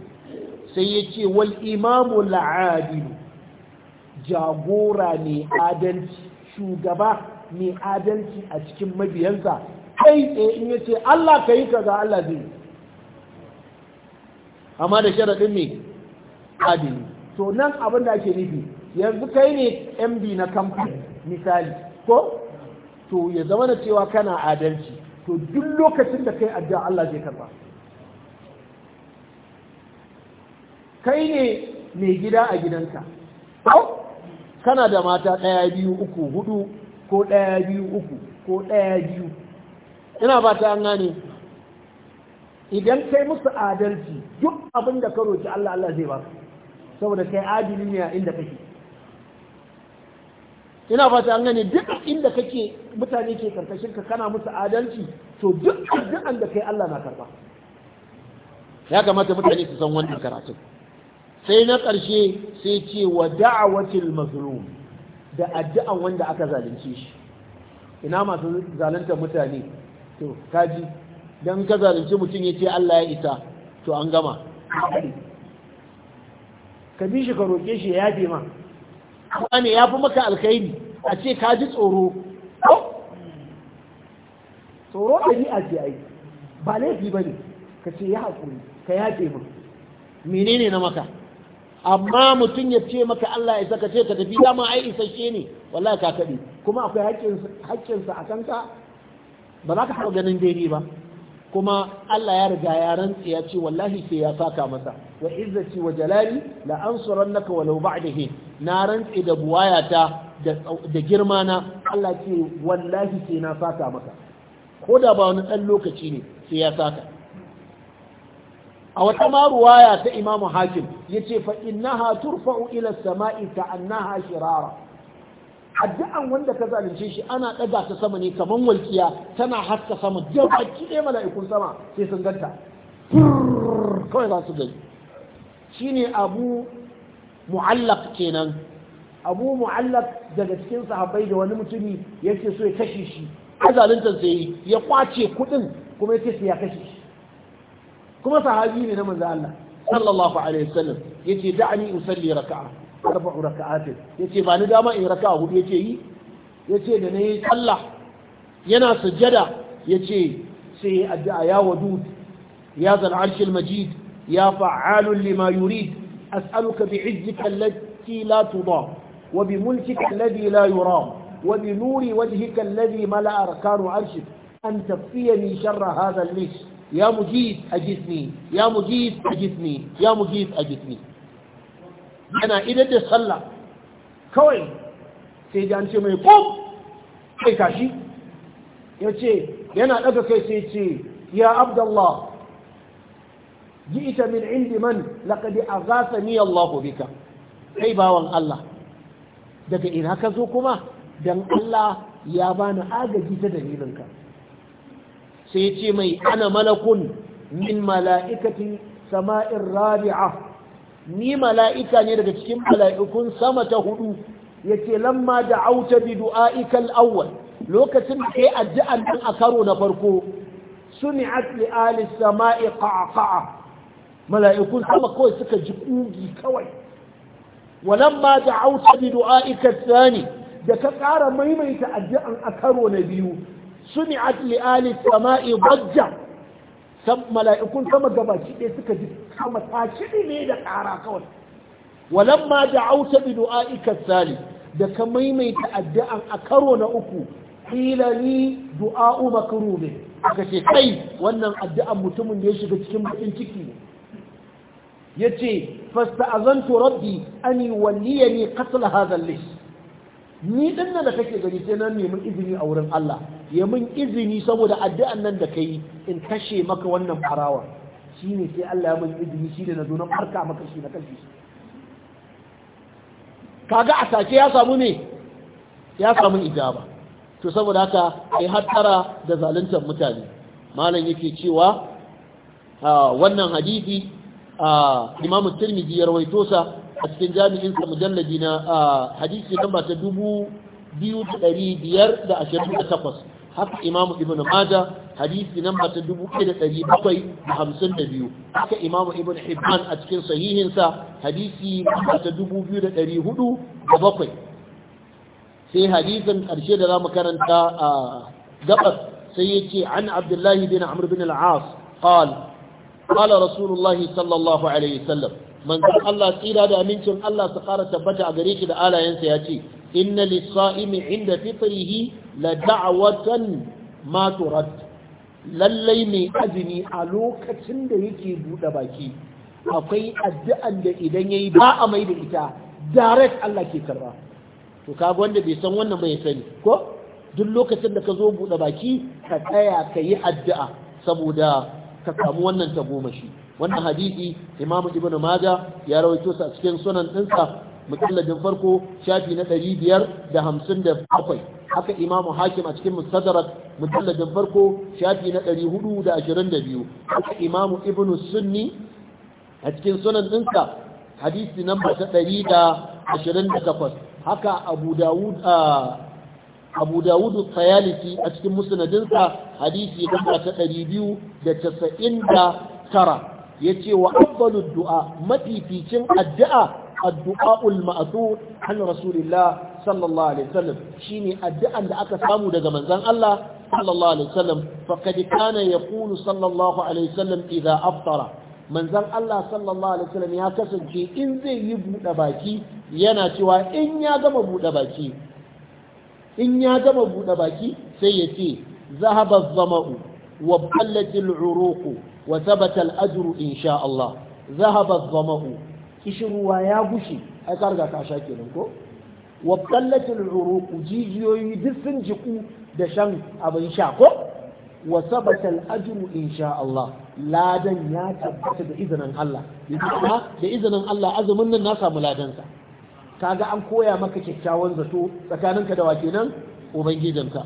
Speaker 1: sai ya ce wal imamu la'adilu jagora ne adalci shugaba mai adalci a cikin mabiyansa kai tsaye in ya ce Allah ka yi kaza Allah zai amma da sharaɗin ne adini to nan abin da ake nufi yanzu kai ne mb na kamfani misali ko to ya zama na cewa kana adalci to duk lokacin da kai addu'a Allah zai karba kai ne mai gida a gidanka kana da mata ɗaya biyu uku hudu ko ɗaya biyu uku ko ɗaya biyu ina ba ta gane idan kai musu adalci duk abin da ka roki Allah Allah zai ba saboda kai adili ne a inda kake ina ba ta gane duk inda kake mutane ke karkashin ka kana musu adalci to duk addu'an da kai Allah na karba ya kamata mutane su san wannan karatun sai na ƙarshe sai ce wa da'awatil mazlum da addu'an wanda aka zalunce shi ina masu zalunta mutane to kaji don ka zalunci mutum ya ce Allah ya isa to an gama ka bi shi ka roke shi ya yafe ma wane ya fi maka alkhairi a ce ka tsoro tsoro a ce ai ba laifi ba ne ka ce ya haƙuri ka yafe ma. menene na maka amma mutum ya ce maka Allah ya saka ce ka tafi dama ai isasshe ne wallahi ka kadi kuma akwai haƙƙinsa a kanka ba za ka taɓa ganin daidai ba kuma Allah ya riga ya rantse ya ce wallahi sai ya saka masa wa izzati wa jalali la ansurannaka walau ba'dahi na rantse da buwayata da girma na Allah ce wallahi sai na saka maka ko da ba wani ɗan lokaci ne sai ya saka a wata maruwaya ta imam hakim ya ce fa'innaha turfa'u ilar sama'i ta annaha shirara addu'an wanda ka zalunce shi ana ɗaga ta sama ne kamar walkiya tana haska sama jaba kiɗe mala'ikun sama sai sun ganta kawai za su gani shi ne abu mu'allaf kenan abu mu'allaf daga cikin sahabbai da wani mutumi yake so ya kashe shi zaluntar sai ya kwace kuɗin kuma yake sai ya kashe shi كما من من نمز الله صلى الله عليه وسلم يتي دعني أصلي ركعة أربع ركعات يتي فاني داما إيه ركعة هو يتي يتي دني صلى ينا سجدة يتي سي أدعى يا ودود يا ذا العرش المجيد يا فعال لما يريد أسألك بعزك التي لا تضام وبملكك الذي لا يرام وبنور وجهك الذي ملأ أركان عرشك أن تكفيني شر هذا الليش ya mujid ajisni ya mujid ajisni ya mujid ajisni yana idan da sallah kawai sai da an ce mai kum kai kashi ya ce yana daga kai sai ce ya abdallah جئت من عند من لقد أغاثني الله بك أي باوان الله daga ina ka zo kuma dan Allah ya bani agaji ta dalilinka sai ya ce mai ana malakun min mala'ikatin sama'in rabi'a ni mala'ika ne daga cikin mala'ikun sama ta hudu ya ce lamma da auta bi du'a'ikal awwal lokacin da ya addu'an nan a karo na farko suni'at li ali sama'i qa'qa'a mala'ikun sama kawai suka ji ƙungi kawai walamma da auta bi du'a'ikal thani da ka ƙara maimaita addu'an a karo na biyu suni'at li ali sama'i bajja sam mala'ikun sama gabaci ɗaya suka ji sama ta ne da ƙara kawai walamma da bi du'a'ika sali da ka maimaita addu'an a karo na uku qila li du'a'u makrube aka ce kai wannan addu'an mutumin da ya shiga cikin bakin ciki ne yace fasta'azantu rabbi an yuwalliyani qatl hadha al-lish ni dinna da kake gani sai na nemi izini a wurin Allah ya min izini saboda addu'an nan da kai in kashe maka wannan farawa ne sai Allah ya min izini shi da na zo na farka maka shi na kashe shi kaga a sace ya samu ne ya samu ijaba to saboda haka ai hattara da zaluntar mutane malam yake cewa wannan hadisi imamu tirmidhi ya rawaito sa a cikin jami'in sa mujalladi na hadisi namba ta 2528 haka imamu ibn Majah hadisi namba ta 1752 haka imamu ibn Hibban a cikin sahihinsa hadisi namba ta bakwai sai hadisin karshe da zamu karanta a gabas sai yace an Abdullahi bin amur bin al-As qala qala Rasulullahi sallallahu alaihi wasallam manzon Allah tsira da amincin Allah su fara tabbata a gare shi da alayensa yace inna lis-sa'imi 'inda fitrihi la da'watan ma turat lallai mai azumi a lokacin da yake buɗe baki akwai addu'an da idan yayi ba a mai da ita direct Allah ke karba to kaga wanda bai san wannan bai sani ko duk lokacin da ka zo buɗe baki ka tsaya ka yi addu'a saboda ka samu wannan tagomashi wannan hadisi imam ibn maja ya rawaito sa cikin sunan ɗinsa mujalladin farko shafi na ɗari biyar da hamsin da bakwai haka imamu hakim a cikin mustadrak mujalladin farko shafi na 422 haka imamu ibnu sunni a cikin sunan dinsa hadisi namba ta 128 haka abu dawud abu dawud Tsayalisi a cikin musnadinsa hadisi namba ta da tara. Ya ce wa afdalu du'a mafificin addu'a addu'a'ul ma'thur an rasulillah sallallahu alaihi wasallam shine addu'an da aka samu daga manzon Allah sallallahu alaihi wasallam faqad kana yaqulu sallallahu alaihi wasallam idza aftara manzon Allah sallallahu alaihi wasallam ya kasance in zai yi bude baki yana cewa in ya gama buɗe baki in ya gama bude baki sai yace, ce zahaba zamau wa ballatil 'uruqu wa thabata al-ajru insha Allah zahaba zamau kishirwa ya gushe ai ka riga ka sha kenan ko wa qallatul uruq jijiyoyi duk sun jiku da shan abin sha ko wa sabata ajru insha Allah ladan ya tabbata da izinin Allah da izinin Allah azumin nan na samu ladansa kaga an koya maka kyakkyawan zato tsakaninka da wake nan ubangijinka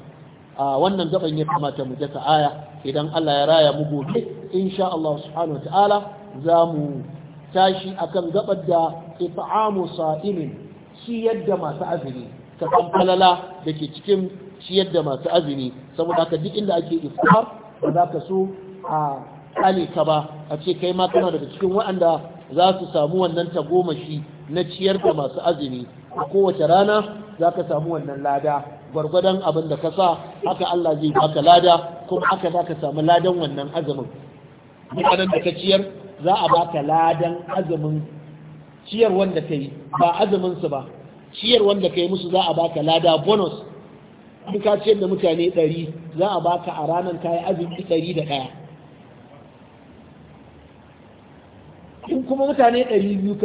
Speaker 1: a wannan gaban ya kamata mu daka aya idan Allah ya raya mu gobe insha Allah subhanahu wa ta'ala za mu tashi akan gabar da it'amu sa'imin ciyar da masu azumi ta kamfalala da ke cikin ciyar da masu azumi saboda haka duk inda ake iftar ba za ka so a kale ka ba a ce kai ma kana daga cikin waɗanda za su samu wannan tagomashi na ciyar da masu azumi a kowace rana za ka samu wannan lada gwargwadon abin da ka sa haka Allah zai baka lada kuma haka za ka samu ladan wannan azumin mutanen da ka ciyar za a baka ladan azumin ciyar wanda kai ba azumin su ba ciyar wanda kai musu za a baka lada bonus in ka ciyar da mutane ɗari za a baka a ranar yi azumi ɗari da ɗaya in kuma mutane ɗari biyu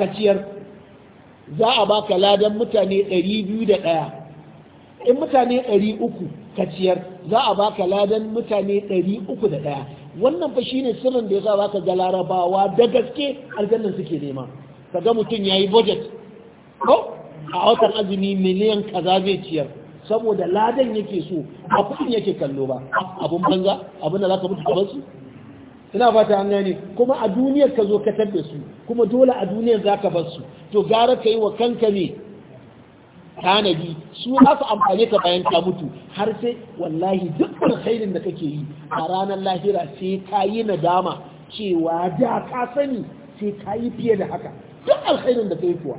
Speaker 1: ka ciyar za a baka ladan mutane ɗari biyu da ɗaya in mutane ɗari uku ka ciyar za a baka ladan mutane ɗari uku da ɗaya wannan fa shine sirrin da yasa ka ga larabawa da gaske aljannan suke nema kaga mutum yayi budget ko a watan azumi miliyan kaza zai ciyar saboda ladan yake so ba kudin yake kallo ba abun banza abin da zaka mutu gaban su ina fata an gane kuma a duniyar ka zo ka tabbe su kuma dole a duniyar zaka bar su to gara kai wa kanka ne tanadi su aka amfane ka bayan ka mutu har sai wallahi duk alkhairin da kake yi a ranar lahira sai ka yi nadama cewa da ka sani sai ka yi fiye da haka duk alkhairin da ka kuwa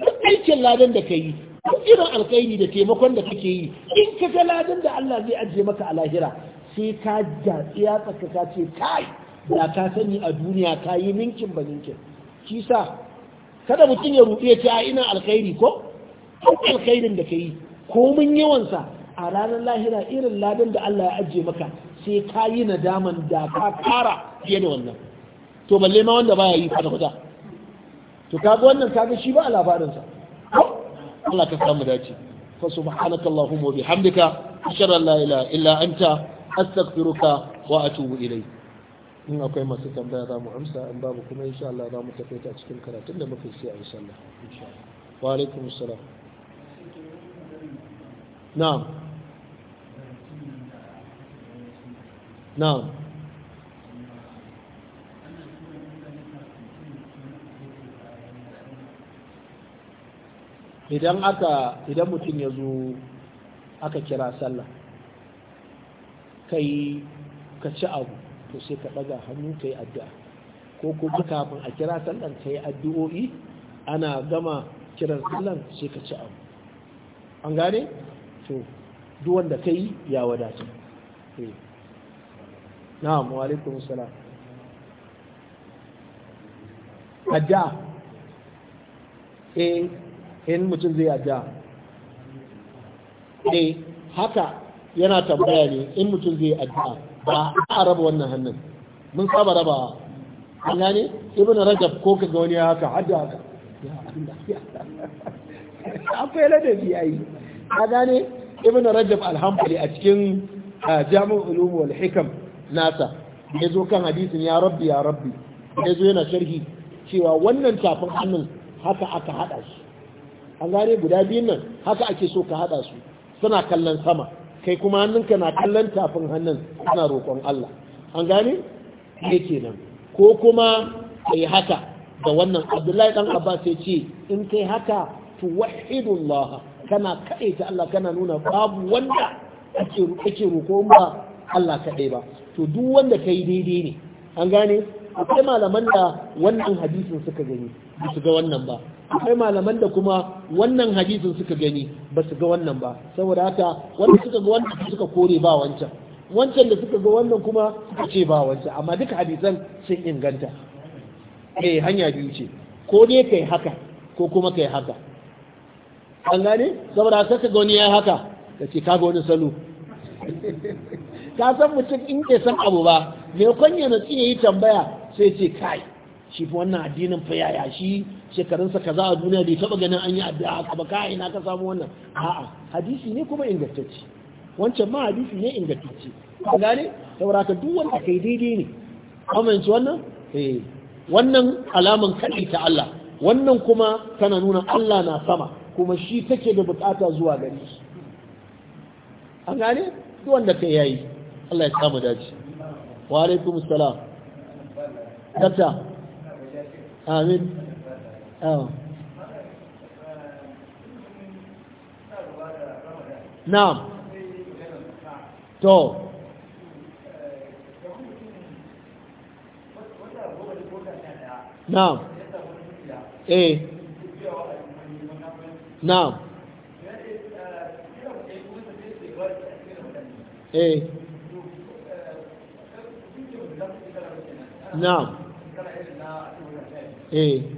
Speaker 1: duk aikin ladan da ka yi duk irin alkhairi da taimakon da kake yi in ka ga ladan da Allah zai ajiye maka a lahira sai ka jatsi ya tsaka ka ce kai da ka sani a duniya ka yi ninkin ba ninkin shi sa kada mutum ya ruɗe ce a ina alkhairi ko duk alkhairin da ko komin yawansa a ranar lahira irin ladan da Allah ya ajiye maka sai ka yi nadaman da ka kara fiye da wannan to balle ma wanda baya yi fata fata to kaga wannan kaga shi ba a labarinsa Allah ka samu dace fa subhanaka allahumma bihamdika ashhadu an la ilaha illa anta astaghfiruka wa atubu ilayk in akwai masu tambaya za mu amsa in babu kuma insha Allah za mu tafi ta cikin karatun da muke sai insha Allah wa alaikum نعم نعم idan aka idan mutum ya zo aka kira sallah kai ka ci abu to sai ka ɗaga hannu ka yi addu'a ko kuma kafin a kira sallan ka yi addu'o'i ana gama kiran sallan sai ka ci abu an gane to duk wanda ka yi ya wadata eh. na'am wa alaikum salam addu'a eh in mutum zai addu'a eh haka yana tambaya ne in mutum zai addu'a ba a raba wannan hannun mun saba raba an gane ibn rajab ko kaga wani haka addu'a haka ya Allah akwai ladabi ai ka gane ibn rajab alhambali a cikin jami'ul ulum wal hikam nasa ya zo kan hadisin ya rabbi ya rabbi ya zo yana sharhi cewa wannan tafin hannun haka aka hada su an gane guda biyun nan haka ake so ka hada su suna kallon sama kai kuma hannunka na kallon tafin hannun suna roƙon Allah an gane ne kenan ko kuma kai haka da wannan abdullahi dan abbas ya ce in kai haka tuwahidullah kana kaɗai ta Allah kana nuna babu wanda ake roƙo ba Allah kaɗai ba to duk wanda ka yi daidai ne an gane akwai malaman da wannan hadisin suka gani ba su ga wannan ba akwai malaman da kuma wannan hadisin suka gani ba su ga wannan ba saboda haka wanda suka ga wannan suka kore ba wancan wancan da suka ga wannan kuma suka ce ba wancan amma duka hadisan sun inganta eh hanya biyu ce ko dai kai haka ko kuma kai haka an gane saboda sai ka goni wani yayi haka ka ce ka ga wani salo ka san mutum in ke san abu ba me kunya na tsiye yi tambaya sai ce kai shi fa wannan addinin fa yaya shi shekarun sa kaza a duniya bai taba ganin an yi addu'a haka ba kai ina ka samu wannan a'a hadisi ne kuma ingantacce wancan ma hadisi ne ingantacce Ka gane saboda ka duk wanda kai daidai ne amince wannan eh wannan alaman kaɗai ta Allah wannan kuma tana nuna Allah na sama kuma shi take da bukata zuwa gari. an gane duk wanda kai yayi Allah ya samu dace wa alaikum assalam dakta amin ah na'am to na'am eh Now. Hey. Now. Hey.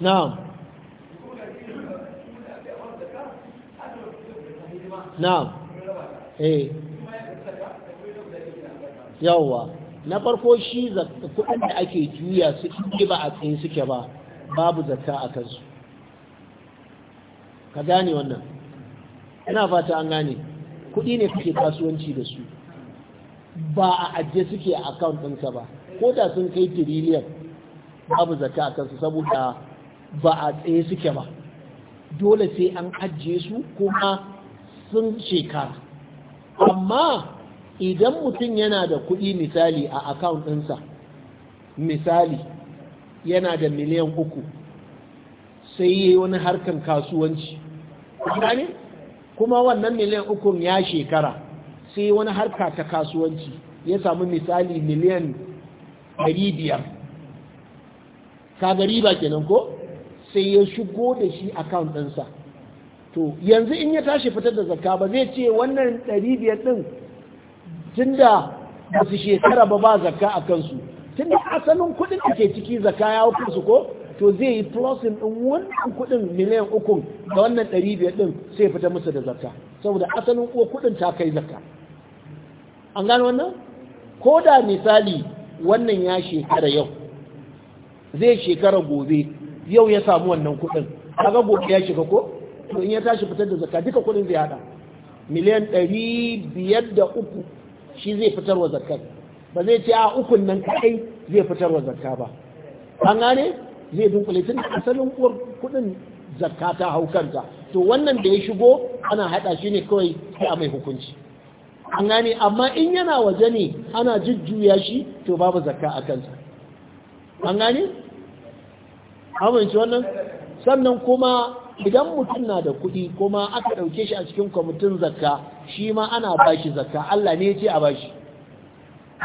Speaker 1: Now. na'am eh yawa na farko shi kuɗin da ake juya su ɗi ba a tsaye suke ba babu zakka a kansu ka gane wannan ina fata an gane kuɗi ne kake kasuwanci da su ba a ajiye suke a account ɗinka ba ko da sun kai tiriliyan babu zakka a kansu saboda ba a tsaye suke ba dole sai an ajiye su kuma sun shekara amma idan mutum yana da kuɗi misali a akawun ɗinsa misali yana da miliyan uku sai yi wani harkan kasuwanci kuma wannan miliyan ukun ya shekara sai wani harka ta kasuwanci ya samu misali miliyan biyar. ka gari ba kenan ko sai ya shigo da shi akawun ɗinsa to yanzu in ya tashi fitar da zakka ba zai ce wannan ɗari biyar ɗin ba su shekara ba ba zakka a kansu Tunda asalin kuɗin da ke ciki zakka ya hukun su ko to zai yi plusin ɗin wannan kuɗin miliyan uku da wannan ɗari biyar sai fita musu da zakka saboda asalin uwa kuɗin ta kai zakka an gano wannan ko da misali wannan ya shekara yau zai shekara gobe yau ya samu wannan kuɗin kaga gobe ya shiga ko to in ya tashi fitar da zakka duka kuɗin zai hada miliyan ɗari biyar da uku shi zai fitar wa zakka ba zai ce a ukun nan kaɗai zai fitar wa zakka ba an gane zai dunkule tun asalin kuɗin zakka ta hau kanta to wannan da ya shigo ana haɗa shi ne kawai sai a mai hukunci an gane amma in yana waje ne ana jujjuya shi to babu zakka a kansa an gane? amince wannan sannan kuma idan mutum na da kuɗi kuma aka ɗauke shi a cikin kwamitin zakka shi ma ana bashi zakka Allah ne ce a bashi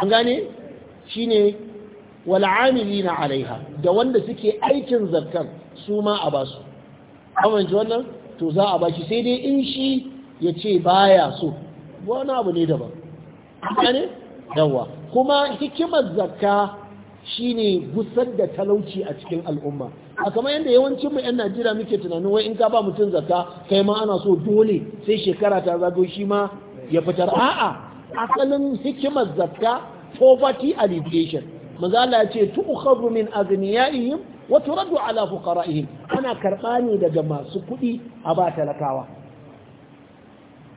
Speaker 1: an gane shi ne wal'amili na alaiha da wanda suke aikin zakkan su ma a basu amince wannan to za a bashi sai dai in shi ya ce baya so wani abu ne daban gane yawa kuma hikimar zakka shi ne gusar da talauci a cikin al'umma a kamar yadda yawancin mu 'yan najeriya muke tunanin wai in ka ba mutum zakka kai ma ana so dole sai shekara ta zago shi ma ya fitar a'a asalin hikimar zakka poverty alleviation mazala ya ce tu'khadhu min aghniyaihim wa turaddu ala fuqara'ihim ana karba ne daga masu kuɗi a ba talakawa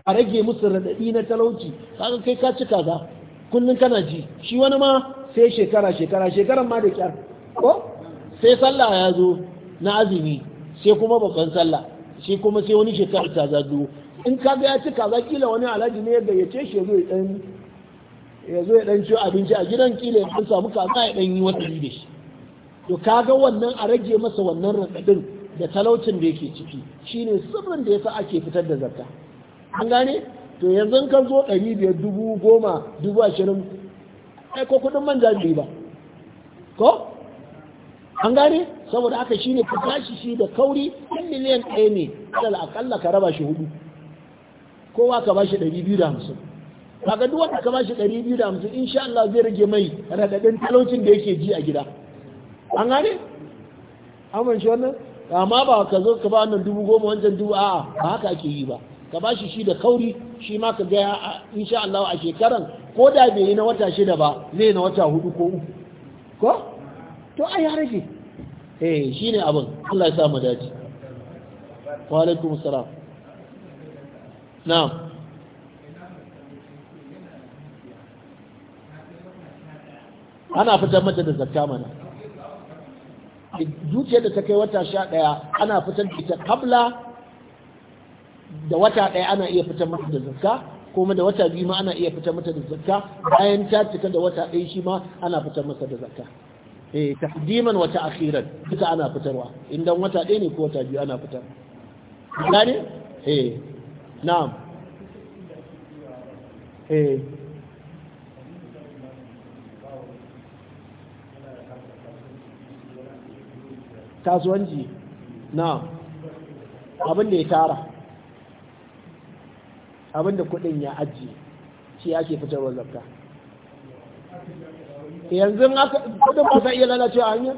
Speaker 1: a rage musu radadi na talauci kaga kai ka ci kaza kullun kana ji shi wani ma sai shekara shekara shekaran ma da kyar ko sai sallah ya zo na azumi sai kuma babban sallah shi kuma sai wani shekaru ta zado in ka ga ya ci kaza kila wani alhaji ne da ya ce shi zo ya dan zo ya dan ci abinci a gidan kila ya dan samu kaza ya dan yi wata da shi to kaga wannan a rage masa wannan radadin da talaucin da yake ciki shine sirrin da yasa ake fitar da zakka an gane to yanzu ka zo 500 biyar dubu goma dubu ashirin ai ko kuɗin manja bai ba ko an gane saboda aka shine ka shi da kauri ɗan miliyan ɗaya ne alal akalla ka raba shi hudu kowa ka bashi ɗari biyu da hamsin kaga duk wanda ka bashi ɗari biyu da hamsin insha Allah zai rage mai raɗaɗin talaucin da yake ji a gida an gane shi wannan amma ba ka zo ka ba wannan dubu goma wancan dubu a'a ba haka ake yi ba ka bashi shi da kauri shi ma ka gaya, insha Allah a shekaran ko da bai yi na wata shida ba zai na wata hudu ko uku ko to ai ya rage eh ne abin Allah ya sa mu dace wa alaikum salam na'am ana fitar mata da zakka mana zuciyar da ta kai wata sha ɗaya ana fitar da ita kabla da wata ɗaya ana iya fitar mata da zakka kuma da wata biyu ma ana iya fitar mata da zakka bayan ta cika da wata ɗaya shi ma ana fitar masa da zakka eh tahdiman wa ta'khira duka ana fitarwa indan wata ɗaya ne ko wata biyu ana fitar gane eh na'am eh kasuwanci na'am abin da ya tara abin da kudin ya ajiye shi ake fitarwa zakka yanzu kudin ba sai iya lalace a hanyar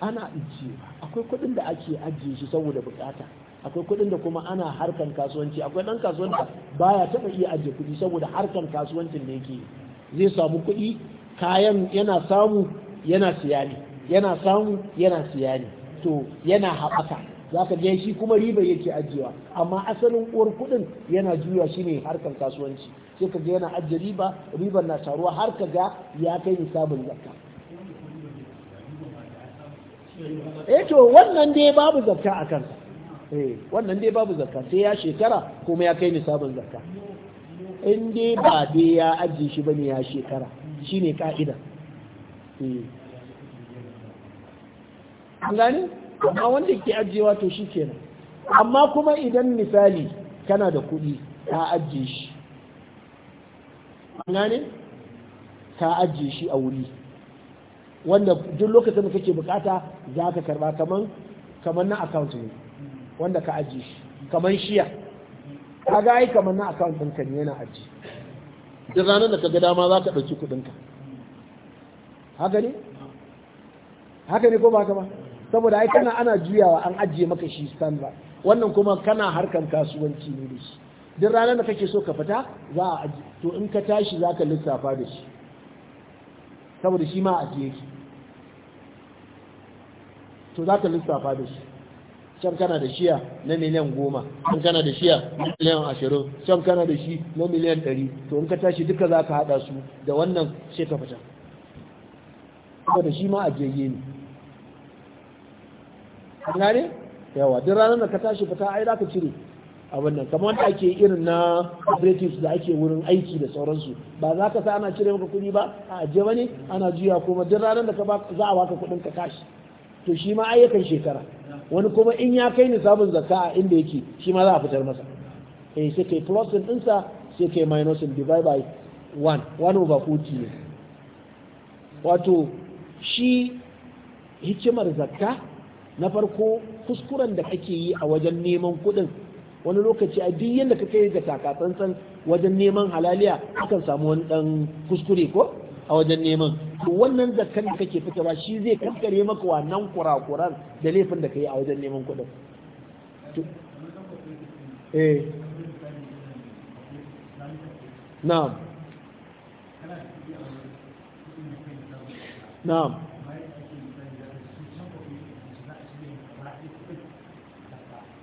Speaker 1: ana ajiye, akwai kudin da ake ajiye shi saboda bukata akwai kudin da kuma ana harkan kasuwanci akwai dan kasuwan baya taba iya ajiye kudi saboda harkan kasuwancin da yake zai samu kudi kayan yana samu yana siya yana samu yana siyani, to yana haɓaka za ka ga shi kuma riba yake ajiyewa amma asalin uwar kuɗin yana juya shi ne harkar kasuwanci sai ka ga yana ajiye riba riba na taruwa har ka ga ya kai nisabin zakka eh to wannan dai babu zakka a kansa eh wannan dai babu zakka sai ya shekara kuma ya kai nisabin zakka in dai ba dai ya ajiye shi bane ya shekara shine ka'ida eh an amma wanda ke ajiyewa to shi kenan amma kuma idan misali kana da kuɗi ka ajiye shi ne ka ajiye shi a wuri wanda duk lokacin da kake bukata za ka karba kaman kaman na account ne wanda ka ajiye shi kaman shiya ka ga ai kaman na account ɗinka ne yana ajiye duk ranar da ka ga dama za ka ɗauki kuɗinka haka ne haka ne ko ba ka ba saboda ai kana ana juyawa an ajiye maka shi standard wannan kuma kana harkan kasuwanci ne da shi duk ranar da kake so ka fita za a aji to in ka tashi za ka lissafa da shi saboda shi ma ajiye ki to za ka lissafa da shi can kana da shiya na miliyan goma can kana da shiya na miliyan ashirin can kana da shi na miliyan ɗari to in ka tashi duka za ka haɗa su da wannan sai ka fita saboda shi ma ajiyayye ne gane yawa duk ranar da ka tashi fita ai za ka cire abin nan kamar wanda ake irin na operatives da ake wurin aiki da sauransu ba za ka sa ana cire maka kuɗi ba a ajiye ba ne ana juya kuma duk ranar da ka za a baka kuɗin ka tashi to shi ma ayyukan shekara wani kuma in ya kai nisabin zakka a inda yake shi ma za a fitar masa eh sai kai plus din sa sai kai minus din divide by 1 1 over 40 ne wato shi hikimar zakka na farko kuskuren da kake yi a wajen neman kuɗin wani lokaci a duk yadda ka kai ga takatsantsan wajen neman halaliya akan samu wani ɗan kuskure ko a wajen neman to wannan zakkan da kake fitarwa shi zai kankare maka wannan kurakuran da laifin da ka yi a wajen neman kuɗin eh na'am na'am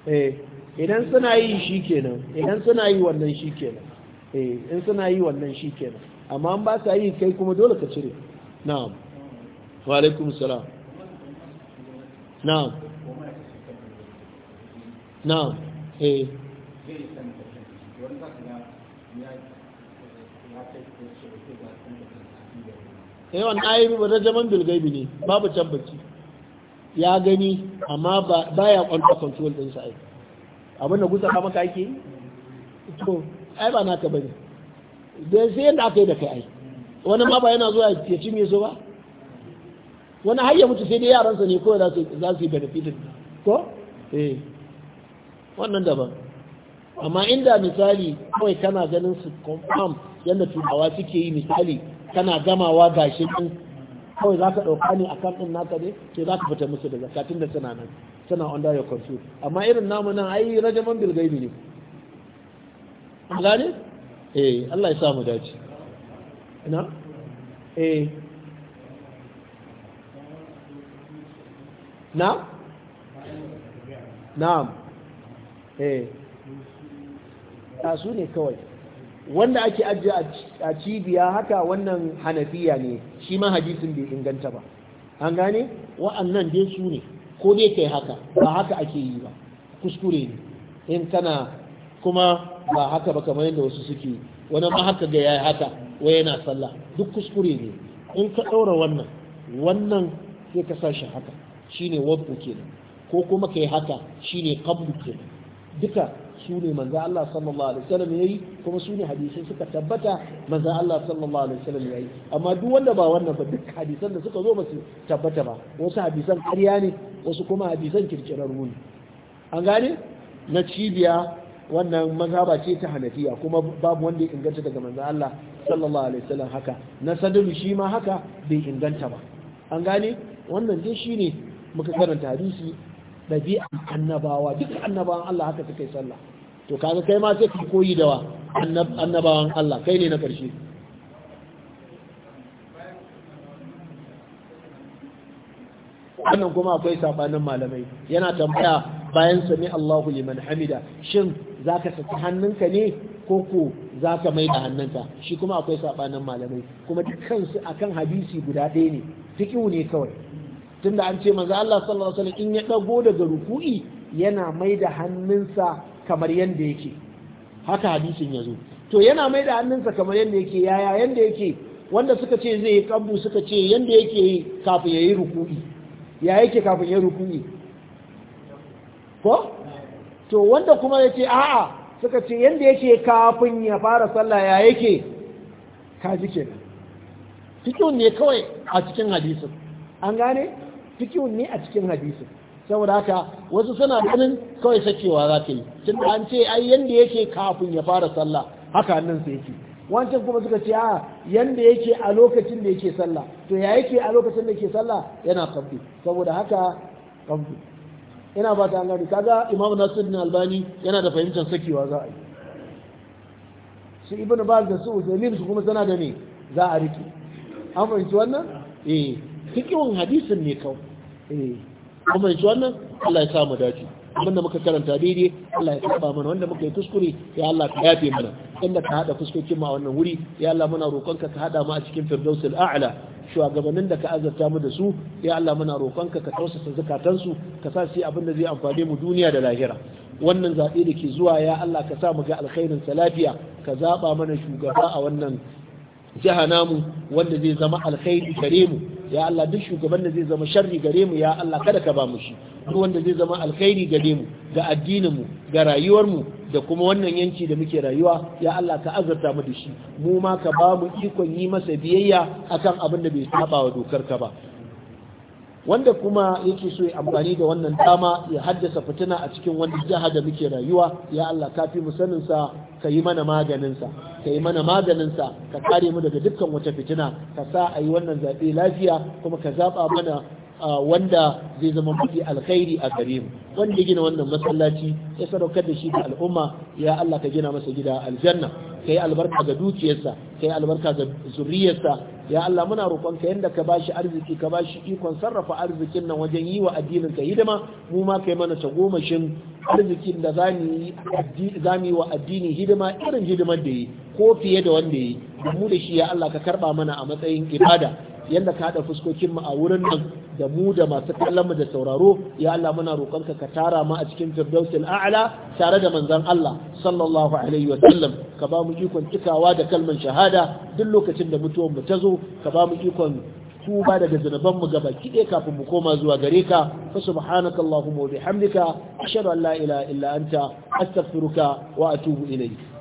Speaker 1: eh idan suna yi shi kenan idan suna yi wannan shi kenan eh in suna yi wannan shi kenan amma an ba sa yi kai kuma dole ka cire na'am wa alaikum salam na'am na'am eh eh wannan ayi ba da jaman bilgaibi ne babu tabbaci ya gani amma ba ya kwanta control din sa ai abin da gusa maka ake yi to ai ba naka bane da sai yadda aka yi da kai ai wani ma ba yana zuwa ya cinye su ba wani har ya mutu sai dai yaransa ne kawai za su yi benefitin ko eh wannan daban amma inda misali kawai kana ganin su confirm yadda turawa suke yi misali kana gamawa gashin din kawai za ka ɗauka ne a kan ɗin naka ne ke za ka fita musu da zakatun da suna nan suna under your control amma irin namu nan ai rajaman bilgaibi ne a gane eh Allah ya samu dace ina eh na na? eh ta su ne kawai wanda ake ajiye a cibiya haka wannan hanafiya ne shi ma hadisin bai inganta ba an gane wa'annan dai su ne ko dai kai haka ba haka ake yi ba kuskure ne in kana kuma ba haka ba kamar yadda wasu suke wani ma haka ga yayi haka wai yana sallah duk kuskure ne in ka daura wannan wannan sai ka sa shi haka shine wadda kenan ko kuma kai haka shine qablu kenan duka su ne manzo Allah sallallahu alaihi wasallam yayi kuma su ne hadisai suka tabbata manzo Allah sallallahu alaihi wasallam yayi amma duk wanda ba wannan ba duk hadisan da suka zo ba su tabbata ba wasu hadisan ƙarya ne wasu kuma hadisan kirkirarru ne an gane na cibiya wannan mazhaba ce ta hanafiya kuma babu wanda ya inganta daga manzo Allah sallallahu alaihi wasallam haka na sadalu shi ma haka bai inganta ba an gane wannan dai shine muka karanta hadisi ɗabi'an annabawa duk annabawan Allah haka suka yi sallah to kaga kai ma sai ka koyi da annabawan Allah kai ne na ƙarshe wannan kuma akwai sabanin malamai yana tambaya bayan sami Allahu liman hamida shin zaka saki hannunka ne ko ko zaka mai da hannunka shi kuma akwai sabanin malamai kuma dukkan su akan hadisi guda ɗaya ne fiqhu ne kawai tunda an ce manzo Allah sallallahu alaihi wasallam in ya dago daga ruku'i yana mai da hannunsa kamar yadda yake haka hadisin ya zo to yana mai da hannunsa kamar yadda yake yaya yadda yake wanda suka ce zai yi kabbu suka ce yadda yake yi kafin ya yi ruku'i ya yake kafin ya ruku'i ko to wanda kuma ya ce a'a suka ce yadda yake kafin ya fara sallah ya yake ka ji ke. fikiyun ne kawai a cikin hadisin an gane fikiyun ne a cikin hadisin saboda haka wasu suna ganin kawai sakewa za ta yi tun da an ce ai yanda yake kafin ya fara sallah haka nan sai yake wancan kuma suka ce a yanda yake a lokacin da yake sallah to ya yake a lokacin da yake sallah yana kafi saboda haka kafi ina ba an gani kaga imam nasiruddin albani yana da fahimtar sakewa za a yi su ibnu baz da su uzaimin su kuma sana da me za a rike an fahimci wannan eh cikin hadisin ne kawai eh kuma yanzu wannan Allah ya samu mu dace abinda muka karanta daidai Allah ya saba mana wanda muka yi kuskure ya Allah ka yafe mana inda ka hada fuskokin mu a wannan wuri ya Allah muna roƙonka ka hada mu a cikin firdausul a'la shugabannin da ka azurta mu da su ya Allah muna roƙonka ka tausasa zakatansu ka sa su abin zai amfane mu duniya da lahira wannan zaɓe da ke zuwa ya Allah ka sa mu ga alkhairin sa lafiya ka zaɓa mana shugaba a wannan jiha namu wanda zai zama alkhairi gare mu ya Allah duk shugaban da zai zama sharri gare mu ya Allah kada ka ba mu shi duk wanda zai zama alkhairi gare mu ga addinin mu ga rayuwar mu da kuma wannan yanci da muke rayuwa ya Allah ka azurta mu da shi mu ma ka ba mu ikon yi masa biyayya akan abin da bai saba wa dokar ka ba wanda kuma yake so ya amfani da wannan dama ya haddasa fitina a cikin wani jiha da muke rayuwa ya Allah ka fi musanin sa ka yi mana maganinsa, sa ka yi mana maganinsa ka kare mu daga dukkan wata fitina ka sa a yi wannan zaɓe lafiya kuma ka zaɓa mana wanda zai zama mafi alkhairi a gare mu wanda ya gina wannan masallaci ya sadaukar da shi ga al'umma ya Allah ka gina masa gida aljanna kai albarka ga dukiyarsa kai albarka ga zuriyarsa ya Allah muna roƙon ka yanda ka bashi arziki ka bashi ikon sarrafa arzikin nan wajen yi wa addinin ka hidima mu ma kai mana tagomashin arzikin da zamu yi wa addini hidima irin hidimar da yi ko fiye da wanda yi mu da shi ya Allah ka karba mana a matsayin ibada yadda ka haɗa fuskokin mu a wurin nan da mu da masu kallon mu da sauraro ya Allah muna roƙonka ka tara mu a cikin firdausil a'la tare da manzon Allah sallallahu alaihi wa sallam ka ba mu ikon cikawa da kalman shahada duk lokacin da mutuwar mu ta zo ka ba mu ikon tuba daga zunuban mu gaba kide kafin mu koma zuwa gare ka fa subhanaka allahumma wa bihamdika ashhadu an la ilaha illa anta astaghfiruka wa atubu ilayk